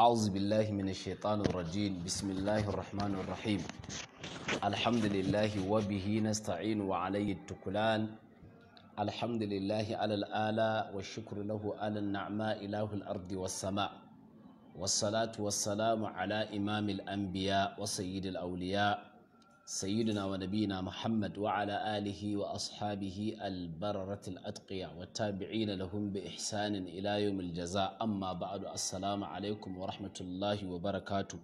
أعوذ بالله من الشيطان الرجيم بسم الله الرحمن الرحيم الحمد لله وبه نستعين وعليه التكلان الحمد لله على الآلاء والشكر له على النعماء إله الأرض والسماء والصلاة والسلام على إمام الأنبياء وسيد الأولياء سيدنا ونبينا محمد وعلى آله وأصحابه البررة الأتقياء والتابعين لهم بإحسان إلى يوم الجزاء أما بعد السلام عليكم ورحمة الله وبركاته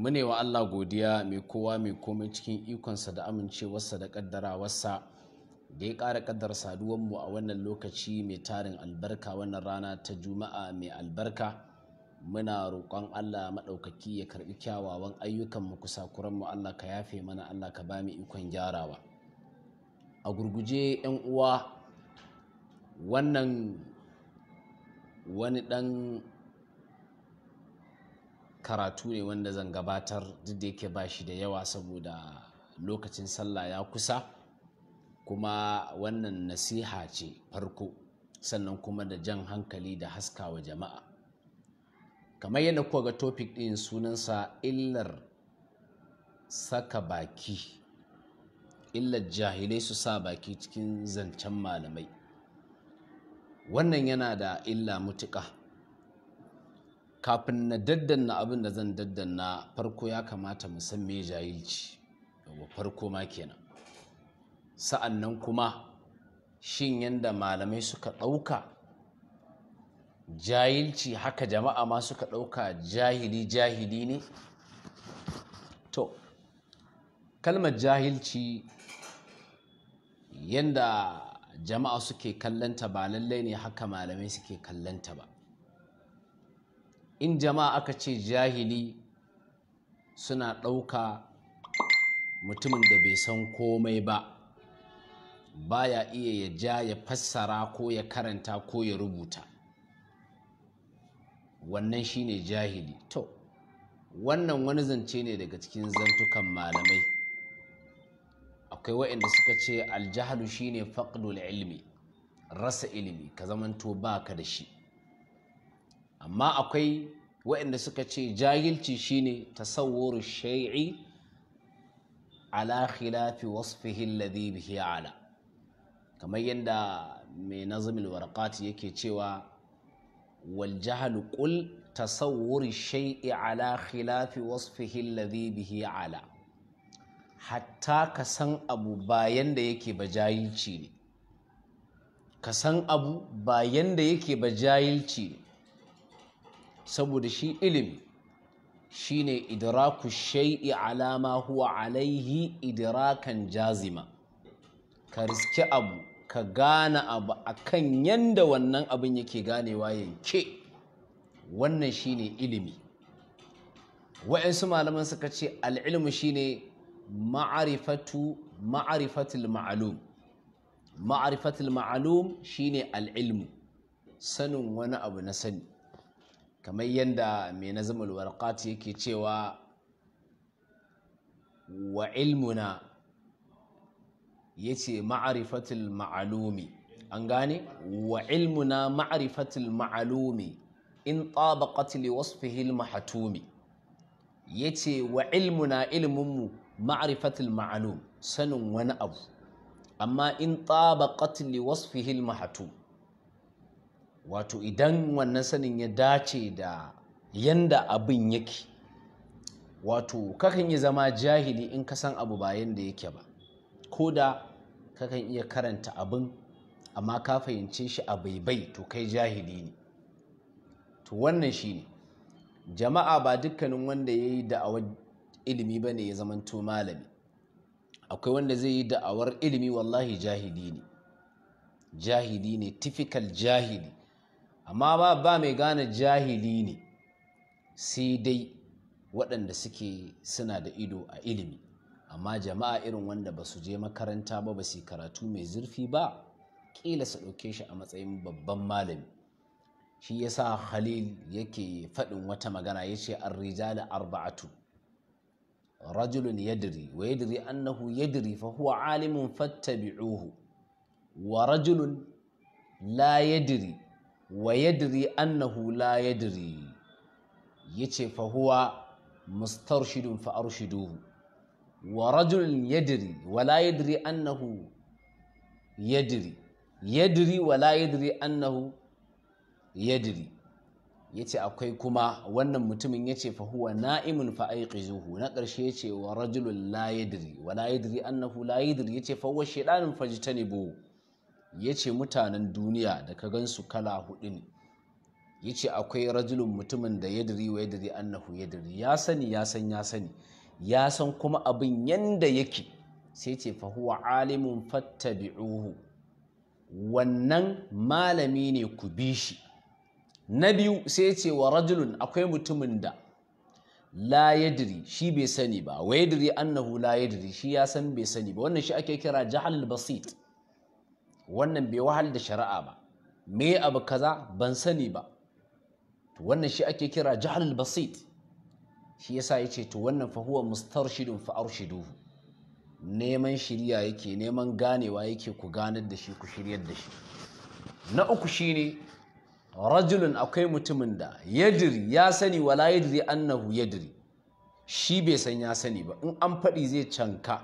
mune wa Allah godiya mai kowa mai komai cikin ikonsa da amincewarsa da wasa? da ya ƙara kaddar saduwanmu a wannan lokaci mai tarin albarka wannan rana ta juma'a mai albarka muna roƙon Allah maɗaukaki ya karɓi kyawawan ayyukan ayyukanmu kusakuranmu Allah ka yafe mana Allah ka ba ikon gyarawa a gurguje 'yan uwa wannan wani ɗan karatu ne wanda zan gabatar duk da yake ba shi da yawa saboda lokacin sallah ya kusa kuma wannan nasiha ce farko sannan kuma da jan hankali da haskawa jama'a kamar yadda kuka ga topic ɗin sunansa illar saka baki illar jahilai su sa baki cikin zancen malamai wannan yana da illa mutuƙa kafin na daddanna abin da zan daddanna farko ya kamata mu san me jahilci daga farko ma kenan sa'an nan kuma shin yadda malamai suka ɗauka jahilci haka jama'a ma suka ɗauka jahili jahili ne to kalmar jahilci yanda jama'a suke kallanta ba lallai ne haka malamai suke kallanta ba in jama'a aka ce jahili suna ɗauka mutumin da bai san komai ba baya iya ya ja ya fassara ko ya karanta ko ya rubuta wannan shine jahili to wannan wani zance ne daga cikin zantukan malamai akwai waɗanda suka ce aljahalu shine faqdul ilmi rasa ilimi ka zamanto baka da shi amma akwai waɗanda suka ce jahilci shine tasawwuru shay'i ala khilafi wasfihi alladhi bihi ala kamar yadda mai nazamil warqati yake cewa wal jahlu qul tasawwuri shay'i ala khilafi wasfihi alladhi bihi ala hatta ka san abu bayan da yake bajayilci ne ka san abu bayan da yake bajayilci saboda shi ilimi shine idraku shay'i ala ma huwa alaihi idrakan jazima ka riski abu ka gane abu a kan yadda wannan abin yake ganewa yanke wannan shine ilimi wa'yansu malaman suka ce al'ilmu shine ma'arifatu ma'arifatul ma'alum ma'arifatul ma'alum shine al'ilmu sanin wani abu na sani kamar yadda mai nazamul warqat yake cewa wa ilmuna ya ce ma'arifatul ma'alumi an gane wa ilmuna ma'arifatul ma'alumi in tsaba li wasu al-mahatumi yace wa ilmuna ilmunmu ma'arifatul ma'alumi sanin wani abu amma in tsaba li wasu al-mahatum wato idan wannan sanin ya dace da yanda abin yake wato kakan yi zama jahili in ka san abu ba yanda yake ba ko da. kakan iya karanta abin amma ka fahimce shi a baibai to kai jahili ne to wannan shi ne jama'a ba dukkanin wanda ya yi da'awar ilimi ba ne ya zamanto malami akwai wanda zai yi da'awar ilimi wallahi jahili ne jahili ne typical jahili amma ba ba mai gane jahili ne sai dai waɗanda suke suna da ido a ilimi amma jama'a irin wanda ba su je makaranta ba ba su karatu mai zurfi ba ƙila su ɗauke shi a matsayin babban malami shi ya sa khalil yake faɗin wata magana ya ce an arba'atu rajulun yadri wa yadri annahu yadri fa huwa alimun fattabi'uhu wa rajulun la yadri wa yadri annahu la yadri yace fa huwa mustarshidun fa arshiduhu wa rajulun yadiri wala yadiri annahu yadiri yadiri wala yadiri annahu yadiri ya ce akwai kuma wannan mutumin ya ce huwa na'imin fa zuhu na ƙarshe ya ce wa rajulun yadri wa yadri annahu la ya ce fa huwa fajitanibu ya ce mutanen duniya da ka gansu kala hudu ne ya ce akwai rajulun mutumin da yadri wa yadri annahu yadri ya sani ya san ya sani ya san kuma abin yanda yake sai ce fahuwa huwa alimun fattabi'uhu wannan malami ne ku bi shi na biyu sai ce wa rajulun akwai mutumin da la yadiri shi bai sani ba wa yadri annahu la yadiri shi ya san bai sani ba wannan shi ake kira jahal basit wannan bai wahal da shari'a ba me abu kaza ban sani ba wannan shi ake kira jahal basit shi yasa yace to wannan fa huwa mustarshidun fa shiduhu neman shirya yake neman ganewa yake ku ganar da shi ku shiryar da shi na uku shine rajulun akwai mutumin da yadiri ya sani wala yadiri annahu yadiri shi bai san ya sani ba in an faɗi zai canka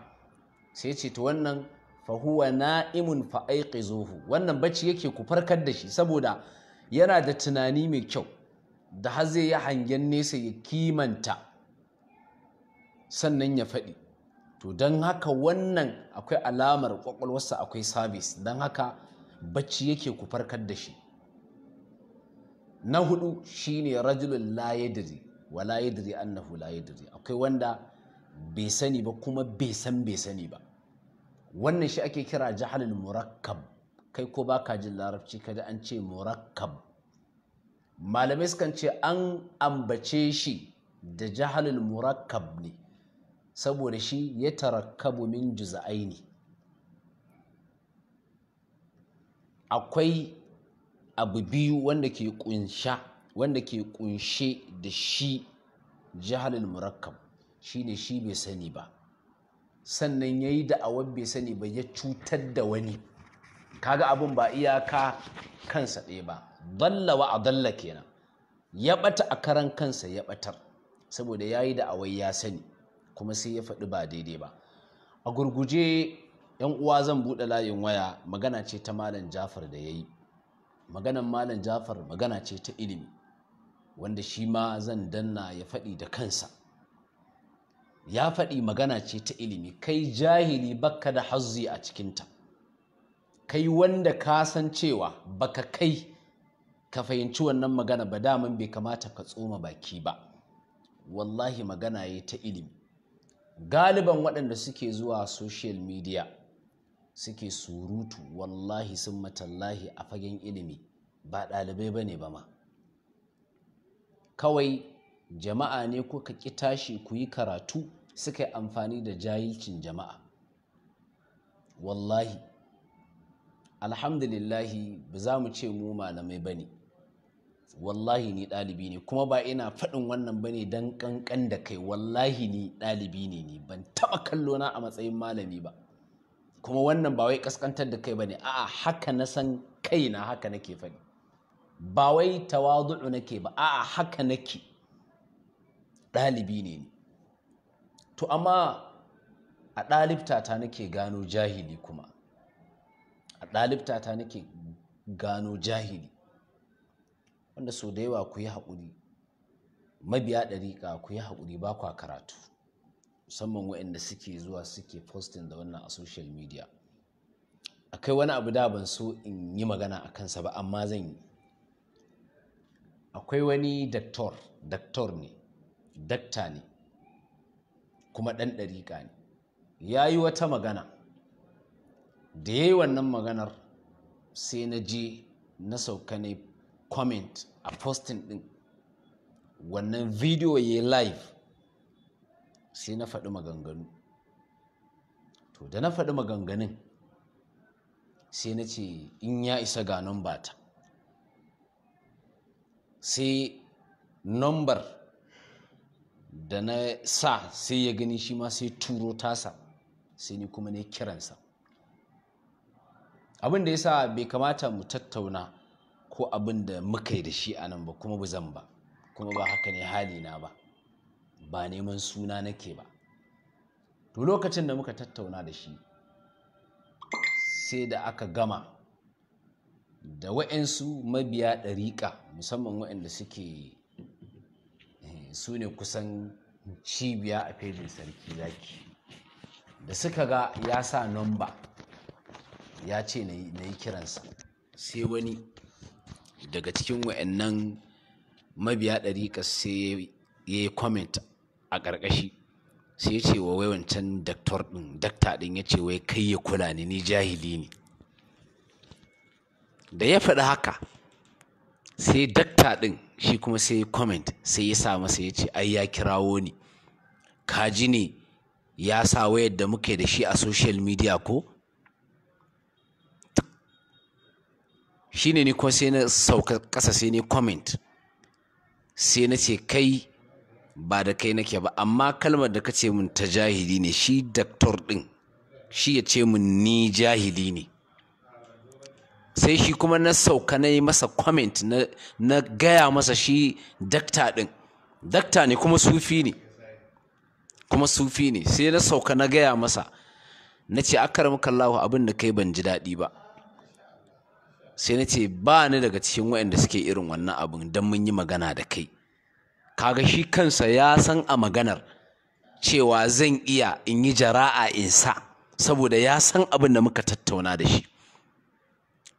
sai ce to wannan fahuwa na'imun fa'aiƙi Zohu. wannan bacci yake ku farkar da shi saboda yana da tunani mai kyau da har zai yi hangen nesa ya kimanta sannan ya faɗi to don haka wannan akwai alamar kwakwalwarsa akwai sabis don haka bacci yake ku farkar da shi na hudu shine rajulun layidiri wa layidiri annahu layidiri. akwai wanda bai sani ba kuma bai san bai sani ba wannan shi ake kira jahalin murakkab kai ko baka jin larabci kada an ce murakkab malamai sukan ce an ambace shi da jahalul murakkab ne saboda shi ya tarakkabu min juza'aini akwai abu biyu wanda ke kunsha wanda ke kunshe da shi jahalul murakkab shine shi bai sani ba sannan ya yayi da'awar bai sani ba ya cutar da wani kaga abin ba iyaka kansa ɗaya ba dalla wa adalla kenan ya bata a karan kansa ya batar saboda yayi da awai ya sani kuma sai ya faɗi ba daidai ba a gurguje yan uwa zan buɗe layin waya magana ce ta malam Jafar da yayi maganan malam Jafar magana ce ta ilimi wanda shi ma zan danna ya faɗi da kansa ya faɗi magana ce ta ilimi kai jahili bakka da hazzi a cikinta kai wanda ka san cewa baka kai ka fahimci wannan magana ba daman bai kamata ka tsoma baki ba wallahi magana ya ta ilimi galiban waɗanda suke zuwa social media suke surutu wallahi sun matallahi a fagen ilimi ba ɗalibai ba ne ba ma kawai jama'a ne kuka ƙi tashi ku yi karatu suka yi amfani da jahilcin jama'a wallahi alhamdulillahi ba za mu ce mu malamai ba ne wallahi ni ɗalibi ne kuma ba ina faɗin wannan bane don ƙanƙan da kai wallahi ni ɗalibi ne ni ban taɓa kallona a matsayin malami ba kuma wannan ba wai ƙasƙantar da kai ba ne a'a haka na san kaina haka nake faɗi ba wai tawadu'u nake ba a'a haka nake ɗalibi ne ni to amma a ɗalibtata nake gano jahili kuma a ɗalibtata nake gano jahili wanda sau da yawa ku yi haƙuri mabiya ɗariƙa ku yi haƙuri ba kwa karatu musamman waɗanda suke zuwa suke posting da wannan a social media akwai wani abu da ban so in yi magana a kansa ba amma zan yi akwai wani daktor daktor ne dakta ne kuma ɗan ɗariƙa ne ya yi wata magana da ya yi wannan maganar sai na je na sauka ne comment a posting din wannan video ya live sai na faɗi maganganu to da na faɗi maganganun sai na ce in ya isa ga number ta sai number da na sa sai ya gani shi ma sai turo tasa sai ni kuma ne kiransa abin da ya sa bai kamata mu tattauna ko abin da muka yi da shi a nan ba kuma ba zan ba kuma ba haka ne halina ba ba neman suna nake ba to lokacin da muka tattauna da shi sai da aka gama da wa'yansu mabiya ɗariƙa musamman wa'yanda suke eh, su ne kusan cibiya a fejin sarki zaki da suka ga ya sa nomba ya ce na yi kiransa sai wani daga cikin wa'annan mabiya ɗarika sai ya yi comment a ƙarƙashi sai ya ce wa wai wancan daktar ɗin dakta ɗin ya ce wai kai ya kula ni ni jahili ne da ya faɗi haka sai dakta ɗin shi kuma sai ya comment sai ya sa masa ya ce ai ya kirawo ni kaji ne ya sa wayar da muke da shi a social media ko shine ni ko sai na sauka kasa sai ni comment sai na ce kai ba da kai nake ba amma kalmar da kace mun ta jahili ne shi doctor din shi ya ce mun ni jahili ne sai shi kuma na sauka na yi masa comment na, na gaya masa shi dakta din dakta ne kuma sufi ne kuma sufi ne sai na sauka na gaya masa na ce akaramkallahu abin da kai ban ji daɗi ba sai na ce ba ni daga cikin waɗanda suke irin wannan abin don mun yi magana da kai kaga shi kansa ya san a maganar cewa zan iya in yi jara'a in sa saboda ya san abin da muka tattauna da shi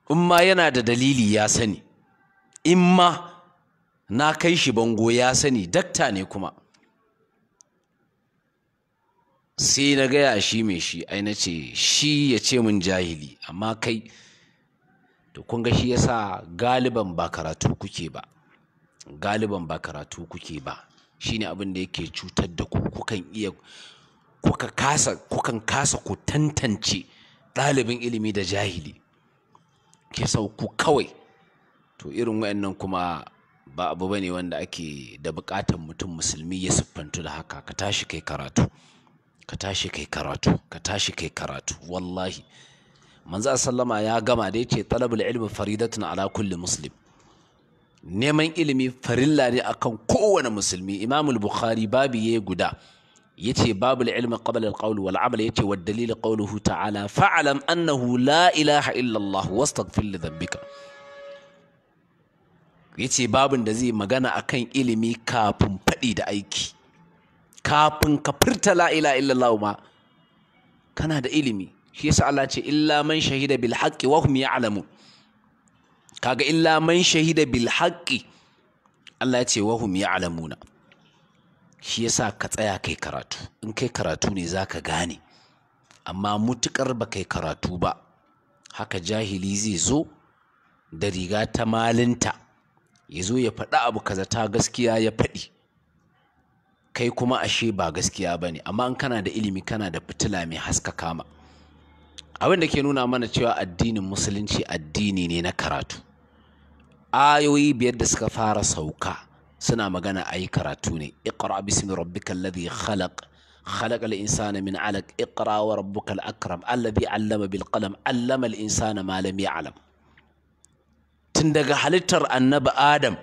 in ma yana da dalili ya sani in ma na kai shi bango ya sani dakta ne kuma sai na gaya shi mai shi ai na ce shi ya ce min jahili amma kai to kun ga shi yasa galiban ba karatu kuke ba galiban ba karatu kuke ba shine abin da yake cutar da ku kukan iya kuka kasa kukan kasa ku tantance ɗalibin ilimi da jahili ke ku kawai to irin wayannan kuma ba abu bane wanda ake da buƙatar mutum musulmi ya siffantu da haka ka tashi kai karatu ka tashi kai karatu ka tashi kai karatu wallahi manzo sallama ya gama da yace talabul ilmi faridatun ala kulli muslim neman ilimi farilla ne akan kowane musulmi imamul bukhari babu yayi guda yace babu ilmi qabla qawl wal amal yace wa dalil qawluhu ta'ala fa'lam annahu la ilaha illa allah wastaghfir li dhanbika yace babun da zai magana akan ilimi kafin faɗi da aiki kafin ka furta la ilaha illa allah ma kana da ilimi shi yasa Allah ce illa man shahida bil haqqi wa hum ya'lamu kaga illa man shahida bil haqqi Allah ya ce wa hum ya'lamuna shi yasa ka tsaya kai karatu in kai karatu ne zaka gane amma mutukar ba kai karatu ba haka jahili zai zo da riga ta malinta ya zo ya faɗi abu kaza ta gaskiya ya faɗi kai kuma ashe ba gaskiya ba ne amma in kana da ilimi kana da fitila mai haska kama abin da ke nuna mana cewa addinin musulunci addini ne na karatu ayoyi biyar da suka fara sauka suna magana a yi karatu ne iqra bismi rabbika alladhi khalaq خلق الإنسان من علق اقرأ وربك الأكرم الذي Allama بالقلم علم الإنسان malami alam. Tun daga halittar annaba Adam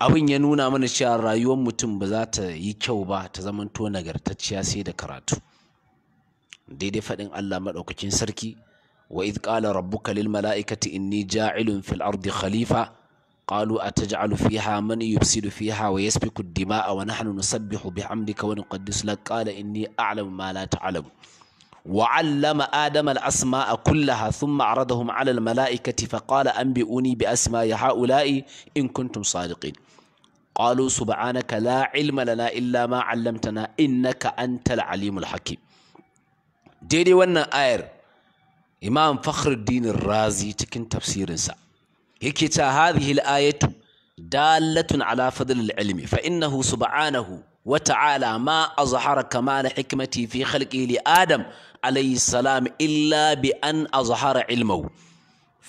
abin ya nuna mana cewa rayuwar mutum ba za ta yi kyau ba ta zamanto nagartacciya sai da karatu دي دي فدن الله مدوكچين سركي واذ قال ربك للملائكه اني جاعل في الارض خليفه قالوا اتجعل فيها من يفسد فيها ويسبك الدماء ونحن نسبح بحمدك ونقدس لك قال اني اعلم ما لا تعلم وعلم ادم الاسماء كلها ثم عرضهم على الملائكه فقال انبئوني باسماء هؤلاء ان كنتم صادقين قالوا سبحانك لا علم لنا الا ما علمتنا انك انت العليم الحكيم daidai wannan ayar imam fakhruddin razi cikin tafsirinsa yake ta hadhihi al-ayatu dalatun ala fadl al-ilmi fa innahu subhanahu wa ta'ala ma azhara kamal hikmati fi khalqi li adam alayhi salam illa bi an azhara ilmahu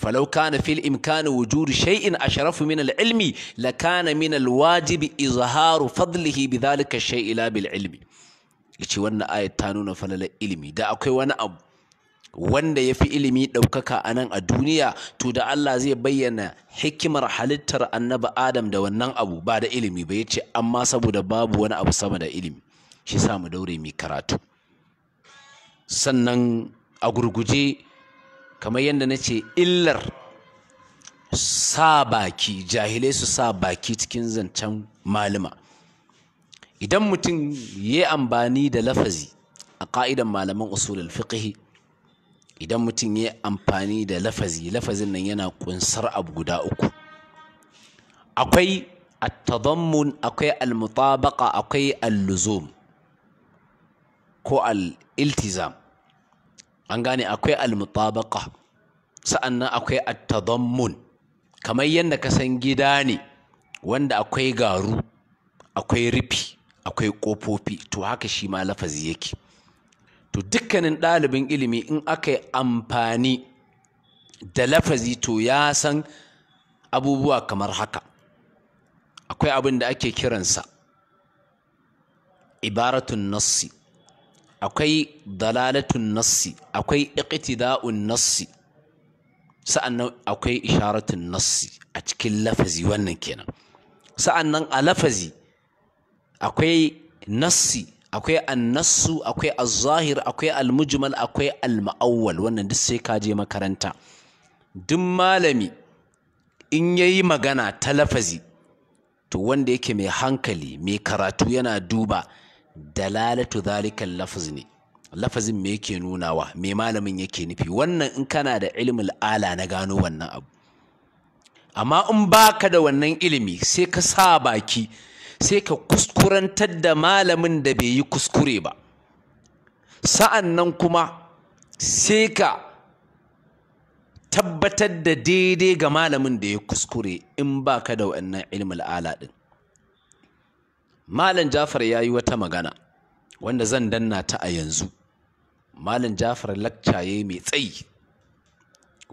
فلو كان في الإمكان وجود شيء أشرف من العلم لكان من الواجب إظهار فضله بذلك الشيء لا بالعلم ce wannan ayat ta nuna falalar ilimi da akwai wani abu wanda ya fi ilimi ɗaukaka a nan a duniya to da Allah zai bayyana hikimar halittar annaba Adam da wannan abu ba da ilimi ba ce amma saboda babu wani abu sama da ilimi shi sa mu daure mai karatu sannan a gurguje kamar yadda na ce illar sa baki jahilai su sa baki cikin zancen malama idan mutum ya yi amfani da lafazi a ƙa'idan malaman usulul fiqh idan mutum ya yi amfani da lafazi lafazin nan yana ƙunsar abu guda uku akwai at-tadammun akwai al-mutabaqa akwai al ko al-iltizam an gane akwai al-mutabaqa sa'annan akwai at-tadammun kamar yadda ka san gida ne wanda akwai garu akwai rufi akwai ƙofofi to haka shi ma lafazi yake to dukkanin ɗalibin ilimi in aka yi amfani da lafazi to ya san abubuwa kamar haka akwai abin da ake kiransa ibaratun nassi akwai dalalatun nassi akwai iqtida'un nassi sa'annan akwai isharatun nassi a cikin lafazi wannan kenan sa'annan a lafazi akwai nassi akwai annassu akwai azahir akwai almujmal akwai al wannan duk sai ka je makaranta duk malami in yayi magana ta lafazi to wanda yake mai hankali mai karatu yana duba dalalatu zalikal lafz ne lafazin me yake nunawa me malamin yake nufi wannan in kana da ilmul ala na gano wannan abu amma in baka da wannan ilimi sai ka sa baki sai ka kuskurantar da malamin da bai yi kuskure ba sa'an nan kuma sai ka tabbatar da daidai ga malamin da ya kuskure in ba ka da wannan ilmul ala ɗin malam jafar ya yi wata magana wanda zan danna ta a yanzu malam jafar lakca ya mai tsayi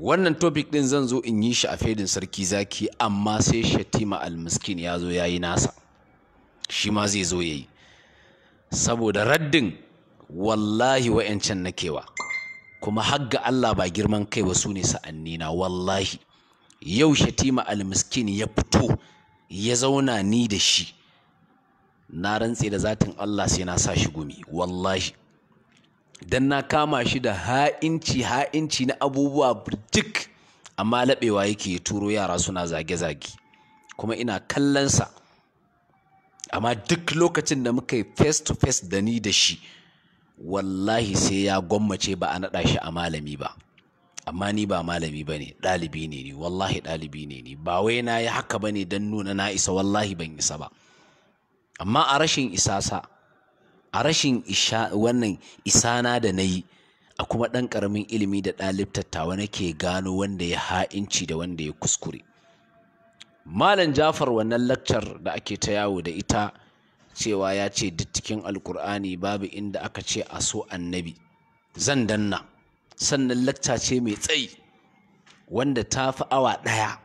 wannan topic ɗin zan zo in yi shi a fedin sarki zaki amma sai shatima almiskin ya zo ya yi nasa shi ma zai zo ya yi saboda raddin wallahi wa'yancan na kewa kuma hagga Allah ba girman kai ba su ne sa'annina wallahi yau shatima almiskin ya fito ya zauna ni da shi na rantse da zatin Allah sai na sa shi gumi wallahi dan na kama shi da ha'inci ha'inci na abubuwa duk amma laɓewa yake turo yara suna zage-zage kuma ina kallonsa amma duk lokacin da muka yi face to face da ni da shi wallahi sai ya gwammace ba a naɗa shi a malami ba amma ni ba malami ba ne ɗalibi ne ni wallahi ɗalibi ne ni ba wai na yi haka ba ne don nuna na isa wallahi ban isa ba amma a rashin sa a rashin wannan isa na da na yi a kuma ɗan ƙaramin ilimi da ɗalibtattawa nake gano wanda ya ha'inci da wanda ya kuskure malam jafar wannan lakcar da ake ta yawo da ita cewa ya ce duk cikin alkur'ani babu inda aka ce a so annabi zan danna sannan lakca ce mai tsayi wanda ta fi awa ɗaya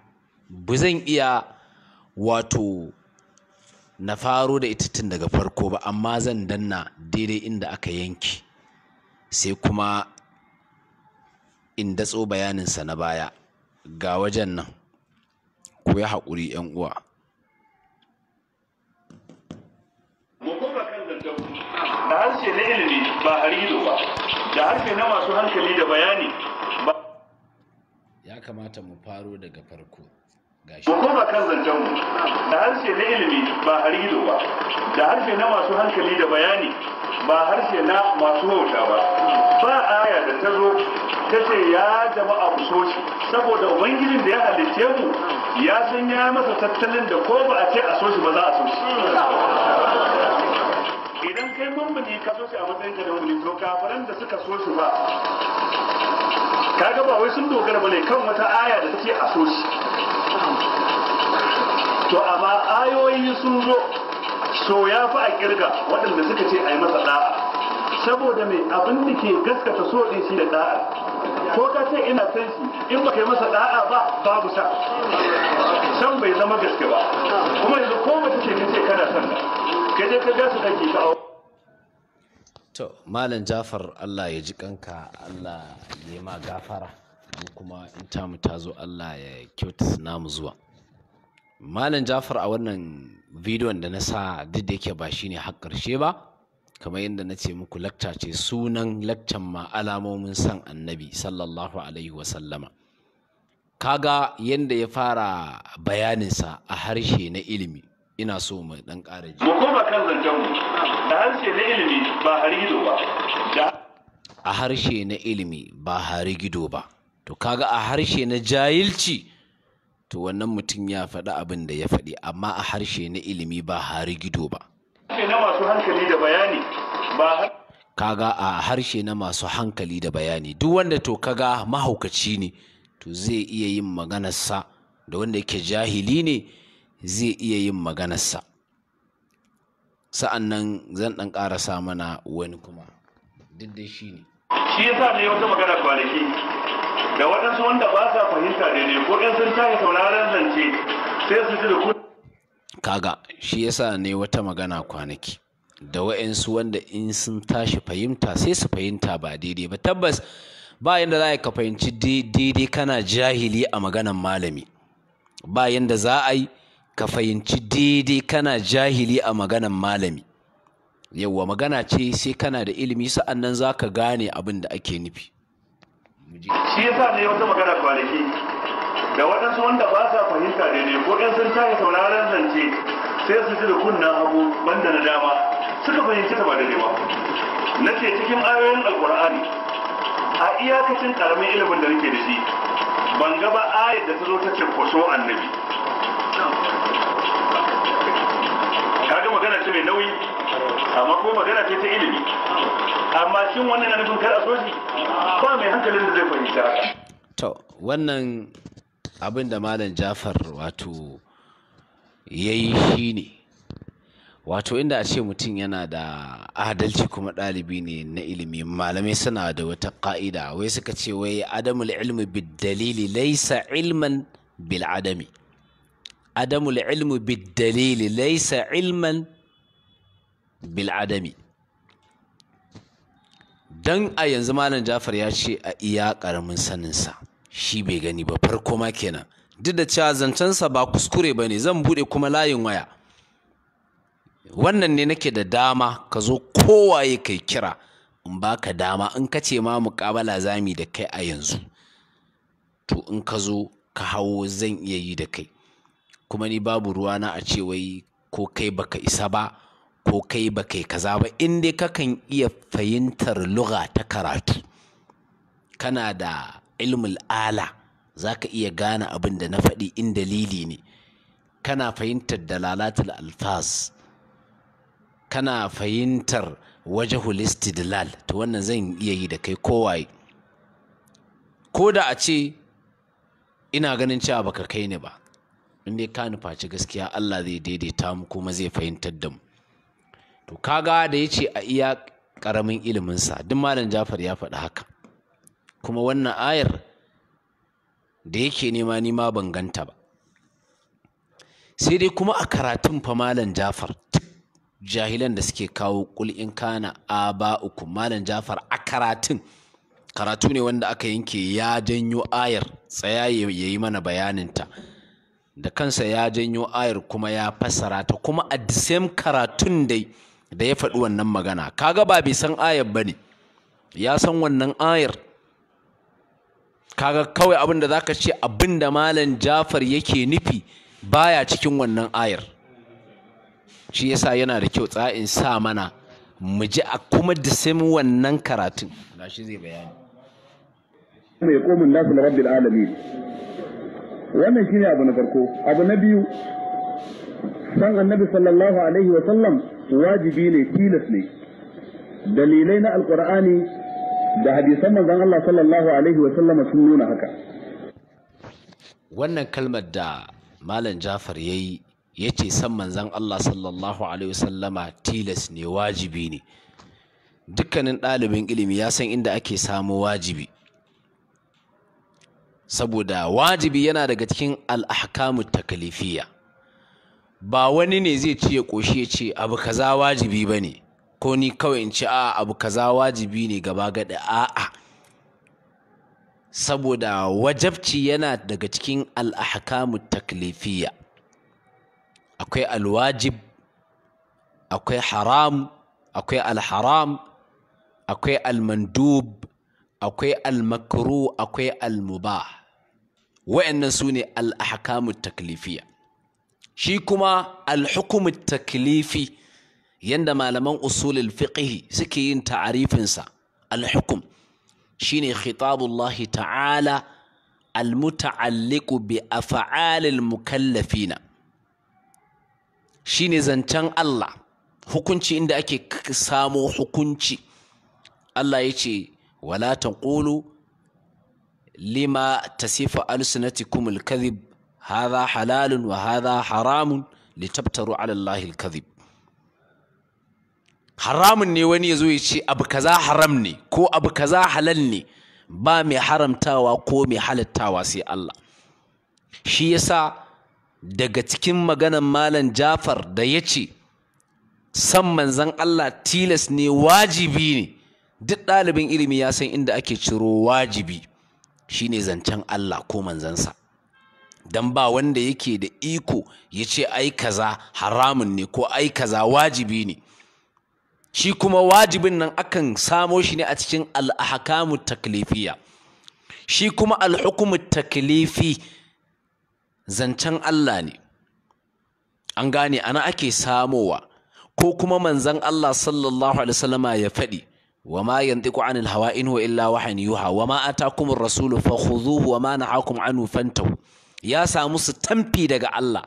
ba zan iya wato na faro da ita tun daga farko ba amma zan danna daidai inda aka yanki sai kuma in datso bayaninsa na baya ga wajen nan ku yi haƙuri 'yan uwa. da harshe na ilimi ba harizo ba da harshe na masu hankali da bayani ba ya kamata mu faro daga farko mu koma kan zancen mu da harshe na ilimi ba harizo ba da harshe na masu hankali da bayani ba harshe na masu wauta ba ba aya da ta zo ta ce ya jama'a musoci saboda ubangijin da ya halicce mu ya san ya masa tattalin da ko ba a ce a so ba za a so idan kai mambuni ka so a matsayin da mambuni to kafaran da suka so ba kaga ba wai sun dogara bane kan wata aya da take a so shi to amma ayoyi sun zo so ya fi a kirga waɗanda suka ce a yi masa da'a saboda mai abin da ke gaskata so ɗin shi da da'a ko ka ce ina san shi in ba kai masa da'a ba babu sa san bai zama gaske ba kuma yanzu ko mace ce kace kana san ka je ka ga su dake ka to malam jafar Allah ya ji kanka Allah ya ma gafara kuma in mu ta zo Allah ya kyauta namu zuwa malam jafar a wannan bidiyon da na sa duk da yake ba shine har ƙarshe ba kamar yadda na ce muku lakta ce sunan lakcan ma alamomin san annabi sallallahu alaihi wasallama kaga yadda ya fara bayaninsa a harshe na ilimi ina so mu dan ƙara ji mu kan zancen da harshe na ilimi ba harigido ba a harshe na ilimi ba harigido ba to kaga a harshe na jahilci to wannan mutum ya faɗi abin da ya faɗi amma a harshe na ilimi ba hari gido ba na masu hankali da bayani ba kaga a harshe na masu hankali da bayani duk wanda to kaga mahaukaci ne to zai iya yin maganarsa da wanda yake jahili ne zai iya yin maganarsa sa'an nan zan ɗan ƙarasa mana wani kuma duk shi ne shi sa ne wata magana kwanaki da waɗansu wanda ba sa fahimta daidai ko in sun tashi sauraron zance sai su ji da kudi kaga shi yasa ne wata magana kwanaki da wa'yansu wanda in sun tashi fahimta sai su fahimta ba daidai ba tabbas ba yadda za a yi ka fahimci daidai kana jahili a maganan malami ba yadda za a yi ka fahimci daidai kana jahili a maganan malami yauwa magana ce sai kana da ilimi sa'an nan za ka gane abin da ake nufi shi yasa ne wata magana kwanaki da waɗansu wanda ba sa fahimta daidai ko ɗan sun tashi sauraron zance sai su ji da kunna hagu banda na dama suka fahimci ta ba daidai ba na ce cikin ayoyin alkur'ani a iyakacin ƙaramin ilimin da nake da shi ban gaba ayar da ta zo ta ce kwaso annabi kaga magana ce mai nauyi amma ko magana ce ta ilimi amma shin wannan na nufin kar a so shi ba mai hankalin da zai fahimta to wannan abin da malam jafar wato ya yi shi ne wato inda a ce mutum yana da adalci kuma ɗalibi ne na ilimi malamai suna da wata ƙa'ida wai suka ce wai adamul ilmi bid dalili laisa ilman bil adami adamul ilmi bid dalili laisa ilman bil adami dan a yanzu malam jafar ya ce a iya ƙaramin saninsa shi bai gani ba farko ma kenan duk da cewa zancensa ba kuskure ba ne zan buɗe kuma layin waya wannan ne nake da dama ka zo kowaye kai kira in baka dama in ka ce ma muƙabala zami da kai a yanzu to in ka zo ka hawo zan iya yi da kai kuma ni babu ruwa na a ce wai ko kai baka isa ba ko kai baka yi kaza ba in dai kakan iya fahimtar lugha ta karatu kana da ilmul ala za ka iya gane abin da na faɗi in dalili ne kana fahimtar dalalatul alfas kana fahimtar wajahul istidlal ta wannan zan iya yi da kai kowaye ko da a ce ina ganin cewa baka kai ni ba in dai ka nufaci gaskiya Allah zai daidaita mu kuma zai fahimtar da mu to kaga da yace a iya karamin ilimin sa duk malam Jafar ya faɗi haka kuma wannan ayar da yake nema nima ma ban ganta ba sai dai kuma a karatun fa malam Jafar jahilan da suke kawo kul in kana aba'ukum malam Jafar a karatun karatu ne wanda aka yanke ya janyo ayar tsaya ya yi mana bayaninta da kansa ya janyo ayar kuma ya fassara ta kuma a the same karatun dai da ya faɗi wannan magana kaga ba bai san ayar ba ne. ya san wannan ayar kaga kawai abin da zaka ce abin da malam Jafar yake nufi baya cikin wannan ayar shi yasa yana da kyau tsa'in sa mana mu ji a kuma da sai wannan karatun gashi zai bayani mai komin nasu rabbil alamin wannan shine abu na farko abu na biyu san annabi sallallahu alaihi wa sallam wajibi ne tilas ne dalilai na alqur'ani da hadisan manzon Allah sallallahu alaihi wa sallama sun nuna haka wannan kalmar da malam Jafar yayi yace san manzon Allah sallallahu alaihi wa sallama tilas ne wajibi ne dukkanin ɗalibin ilimi ya san inda ake samu wajibi saboda wajibi yana daga cikin al'ahkamu takalifiya ba wani ne zai ce ya ƙoshi ya ce abu kaza wajibi ba ne ko ni kawai in ci a abu kaza wajibi ne gaba gaɗa a'a saboda wajabci yana daga cikin al'ahakamu taklifiya akwai alwajib akwai haram akwai alharam akwai almandub akwai almakru akwai almuba wa'annan su ne al'ahakamu taklifiya shi kuma alhukumu taklifi yanda malaman usulul fiqh suke yin ta'arifin sa al-hukm shine khitabullah ta'ala al mutaalliq bi af'alil mukallafina shine zancen Allah hukunci inda ake samu hukunci Allah yace wala taqulu lima tasifu alsunatikum al-kadhib hadha halalun wa hadha haramun litabtaru ala Allahi al-kadhib haramun ne wani ya zo ya ce abu kaza haram ne ko abu kaza halal ne ba mai haramtawa ko mai halittawa sai Allah shi yasa daga cikin maganan malam Jafar da ya ce san manzan Allah tilas ne wajibi ne duk ɗalibin ilimi ya san inda ake ciro wajibi shine zancen Allah ko manzansa don ba wanda yake da iko ya ce ai kaza haramun ne ko ai kaza wajibi ne shi kuma wajibin nan akan samo shi ne a cikin al'ahakamu taklifiya shi kuma al'hukumu taklifi zancen Allah ne an gane ana ake samowa ko kuma manzon Allah sallallahu alaihi wasallama ya faɗi wa ma yantiqu anil hawa in huwa illa wahyin yuha wa ma atakumur rasulu fakhuzuhu wa ma nahakum anhu fantahu ya samu su tamfi daga Allah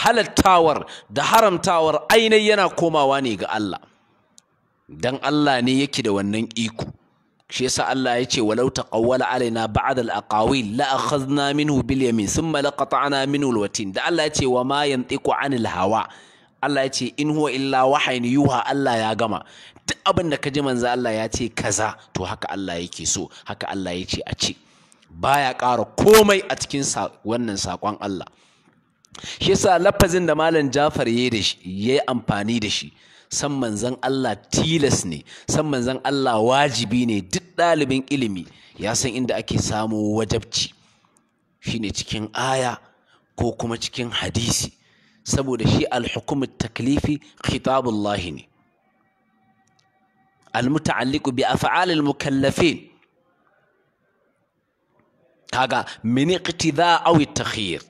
halattawar da haramtawar ainihin yana komawa ne ga Allah dan Allah ne yake da wannan iko shi yasa Allah ya ce walau taqawwala alaina ba'd al-aqawil la akhadna minhu bil yamin thumma laqata'na minhu al-watin da Allah ya ce wa ma yantiqu anil hawa Allah ya ce in huwa illa wahayin yuha Allah ya gama duk abin da ka ji manzo Allah ya ce kaza to haka Allah yake so haka Allah ya ce a ce baya ƙara komai a cikin wannan saƙon Allah shi yasa lafazin da malam Jafar ya yi amfani da shi san manzan Allah tilas ne san manzan Allah wajibi ne duk ɗalibin ilimi ya san inda ake samu wajabci shine cikin aya ko kuma cikin hadisi saboda shi alhukumu taklifi Lahi ne almuta'alliqu bi af'al almukallafin kaga min iqtida aw at-takhyir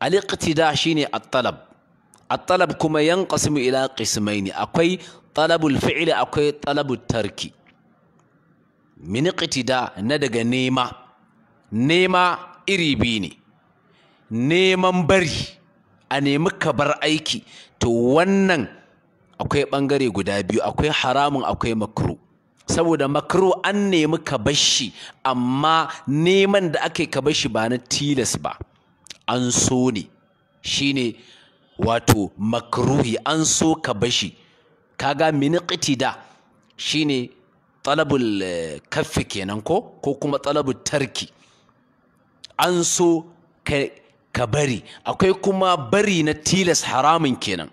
al-iqtida shine a talab A talab kuma yanqasimu ila qismaini akwai talabul fi'li akwai talabut tarki min na daga nema nema iri biyu ne neman bari a nemi ka bar aiki to wannan akwai bangare guda biyu akwai haramun akwai makro. saboda makro an nemi ka bashi amma neman da aka yi ka bashi ba na tilas ba an so ne shine wato makruhi an so ka bashi kaga min shi shine talabul eh, kafi kenan ko ko kuma talabul tarki an so ka bari akwai kuma bari na tilas haramun kenan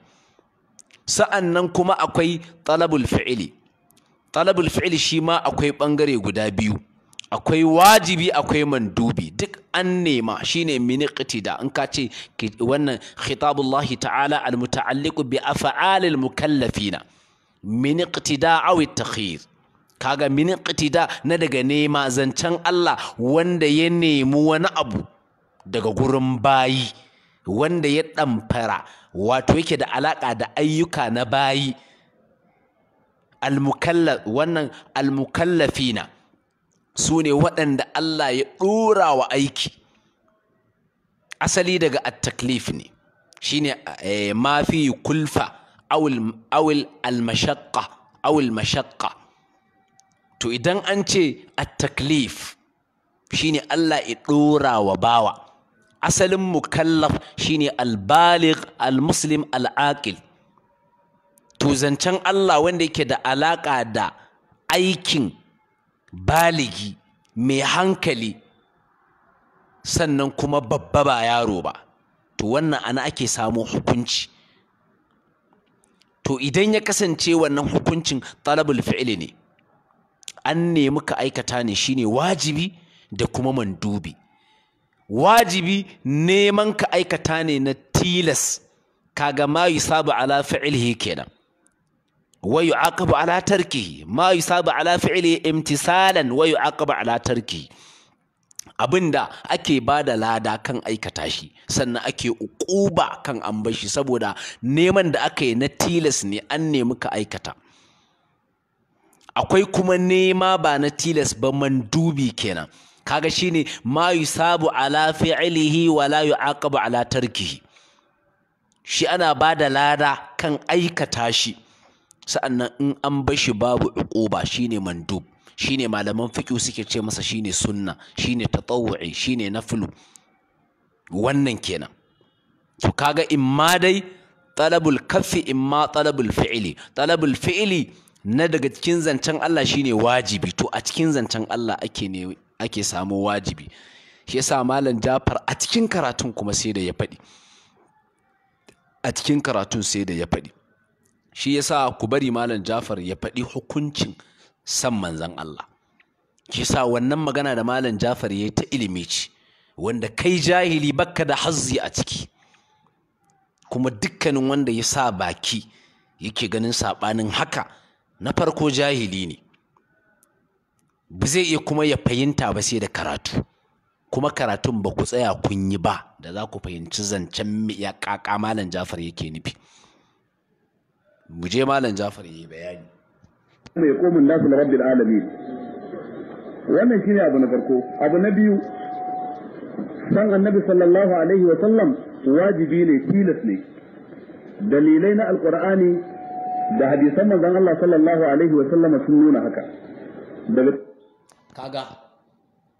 sa'annan kuma akwai talabul fi'ili talabul fi'ili shi ma akwai bangare guda biyu akwai wajibi akwai mandubi duk an nema shine miniqtida in ka ce wannan khitabullahi ta'ala almuta'alliqu bi af'alil mukallafina miniqtida aw at-takhir kaga da na daga nema zancen Allah wanda ya nemi wani abu daga gurin bayi wanda ya ɗamfara wato yake da alaƙa da ayyuka na bayi almukallaf wannan almukallafina su ne waɗanda Allah ya ɗora wa aiki asali daga at-taklif ne shine eh, ma fi kulfa awul al-mashaqqa awul mashakka to idan an ce at shi ne Allah ya ɗora wa bawa asalin mukallaf shine al-baligh al-muslim al-aqil to zancen Allah wanda yake da alaƙa da aikin baligi mai hankali sannan kuma babba ba yaro ba to wannan ana ake samun hukunci to idan ya kasance wannan hukuncin talabul fi'li ne an nemi ka aikata ne shine wajibi da kuma mandubi wajibi neman ka aikata ne na tilas kaga ma yusabu ala fi'lihi kenan wa yu'aqabu ala tarkihi ma yusabu ala fi'li imtisalan wa yu'aqabu ala abinda ake bada lada kan aikata shi sannan ake ukuba kan an saboda neman da aka yi na tilas ne an nemi ka aikata akwai kuma nema ba na tilas ba mandubi kenan kaga shine ma yusabu ala fi'lihi wa la yu'aqabu ala tarkihi shi ana ba da lada kan aikata shi sa'annan in an bashi babu uquba shine mandub shine malaman fiqh suke ce masa shine sunna shine tatawwu'i shine naflu wannan kenan to kaga in ma dai talabul kaffi ma talabul fi'li talabul fi'li na daga cikin zancen Allah shine wajibi to a cikin zancen Allah ake ne ake samu wajibi shi yasa malam Jafar a cikin karatun kuma sai da ya faɗi a cikin karatun sai da ya faɗi shi yasa ku bari malam Jafar ya faɗi hukuncin san manzon Allah ke sa wannan magana da malam Jafar yayi ta ilimi ce wanda kai jahili baka da hazzi a ciki kuma dukkanin wanda ya sa baki yake ganin saɓanin haka na farko jahili ne ba zai iya kuma ya fahimta ba sai da karatu kuma karatun ba ku tsaya kun yi ba da za ku fahimci zancen ya kaka malam jafar yake nufi mu je malam Jafar yi bayani mai komin nasu rabbil alamin wannan shine abu na farko abu na biyu san annabi sallallahu alaihi wa sallam wajibi ne tilas ne dalilai na alqur'ani da hadisan manzon Allah sallallahu alaihi wa sallam sun nuna haka daga kaga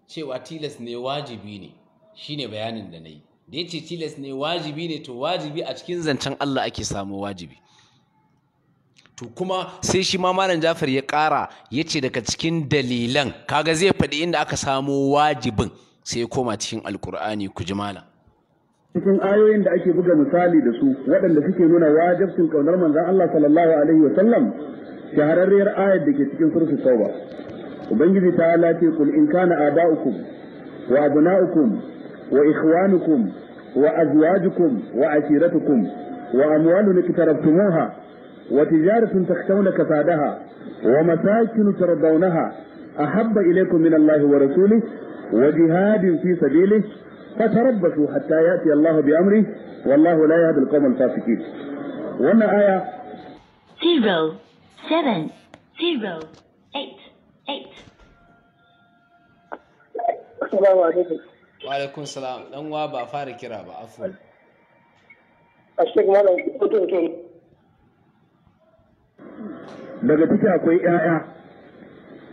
cewa tilas ne wajibi ne shine bayanin da nayi da yace tilas ne wajibi ne to wajibi a cikin zancen Allah ake samu wajibi to kuma sai shi ma malam Jafar ya ƙara ya ce daga cikin dalilan kaga zai faɗi inda aka samo wajibin sai ya koma cikin alkur'ani ku ji malam cikin ayoyin da ake buga misali da su waɗanda suke nuna wajibcin kaunar manzon Allah sallallahu alaihi wa sallam shahararriyar ayar da ke cikin sursu tauba ubangiji ta ala ce kul in kana uku, wa abna'ukum wa ikhwanukum wa azwajukum wa ashiratukum wa amwalun iktaraftumuha وتجارة تخشون كفادها ومساكن ترضونها أحب إليكم من الله ورسوله وجهاد في سبيله فتربصوا حتى يأتي الله بأمره والله لا يهدي القوم الفاسقين وما آية zero seven zero eight eight Assalamu alaikum. Wa alaikum salam. Dan wa daga ciki akwai ƴaƴa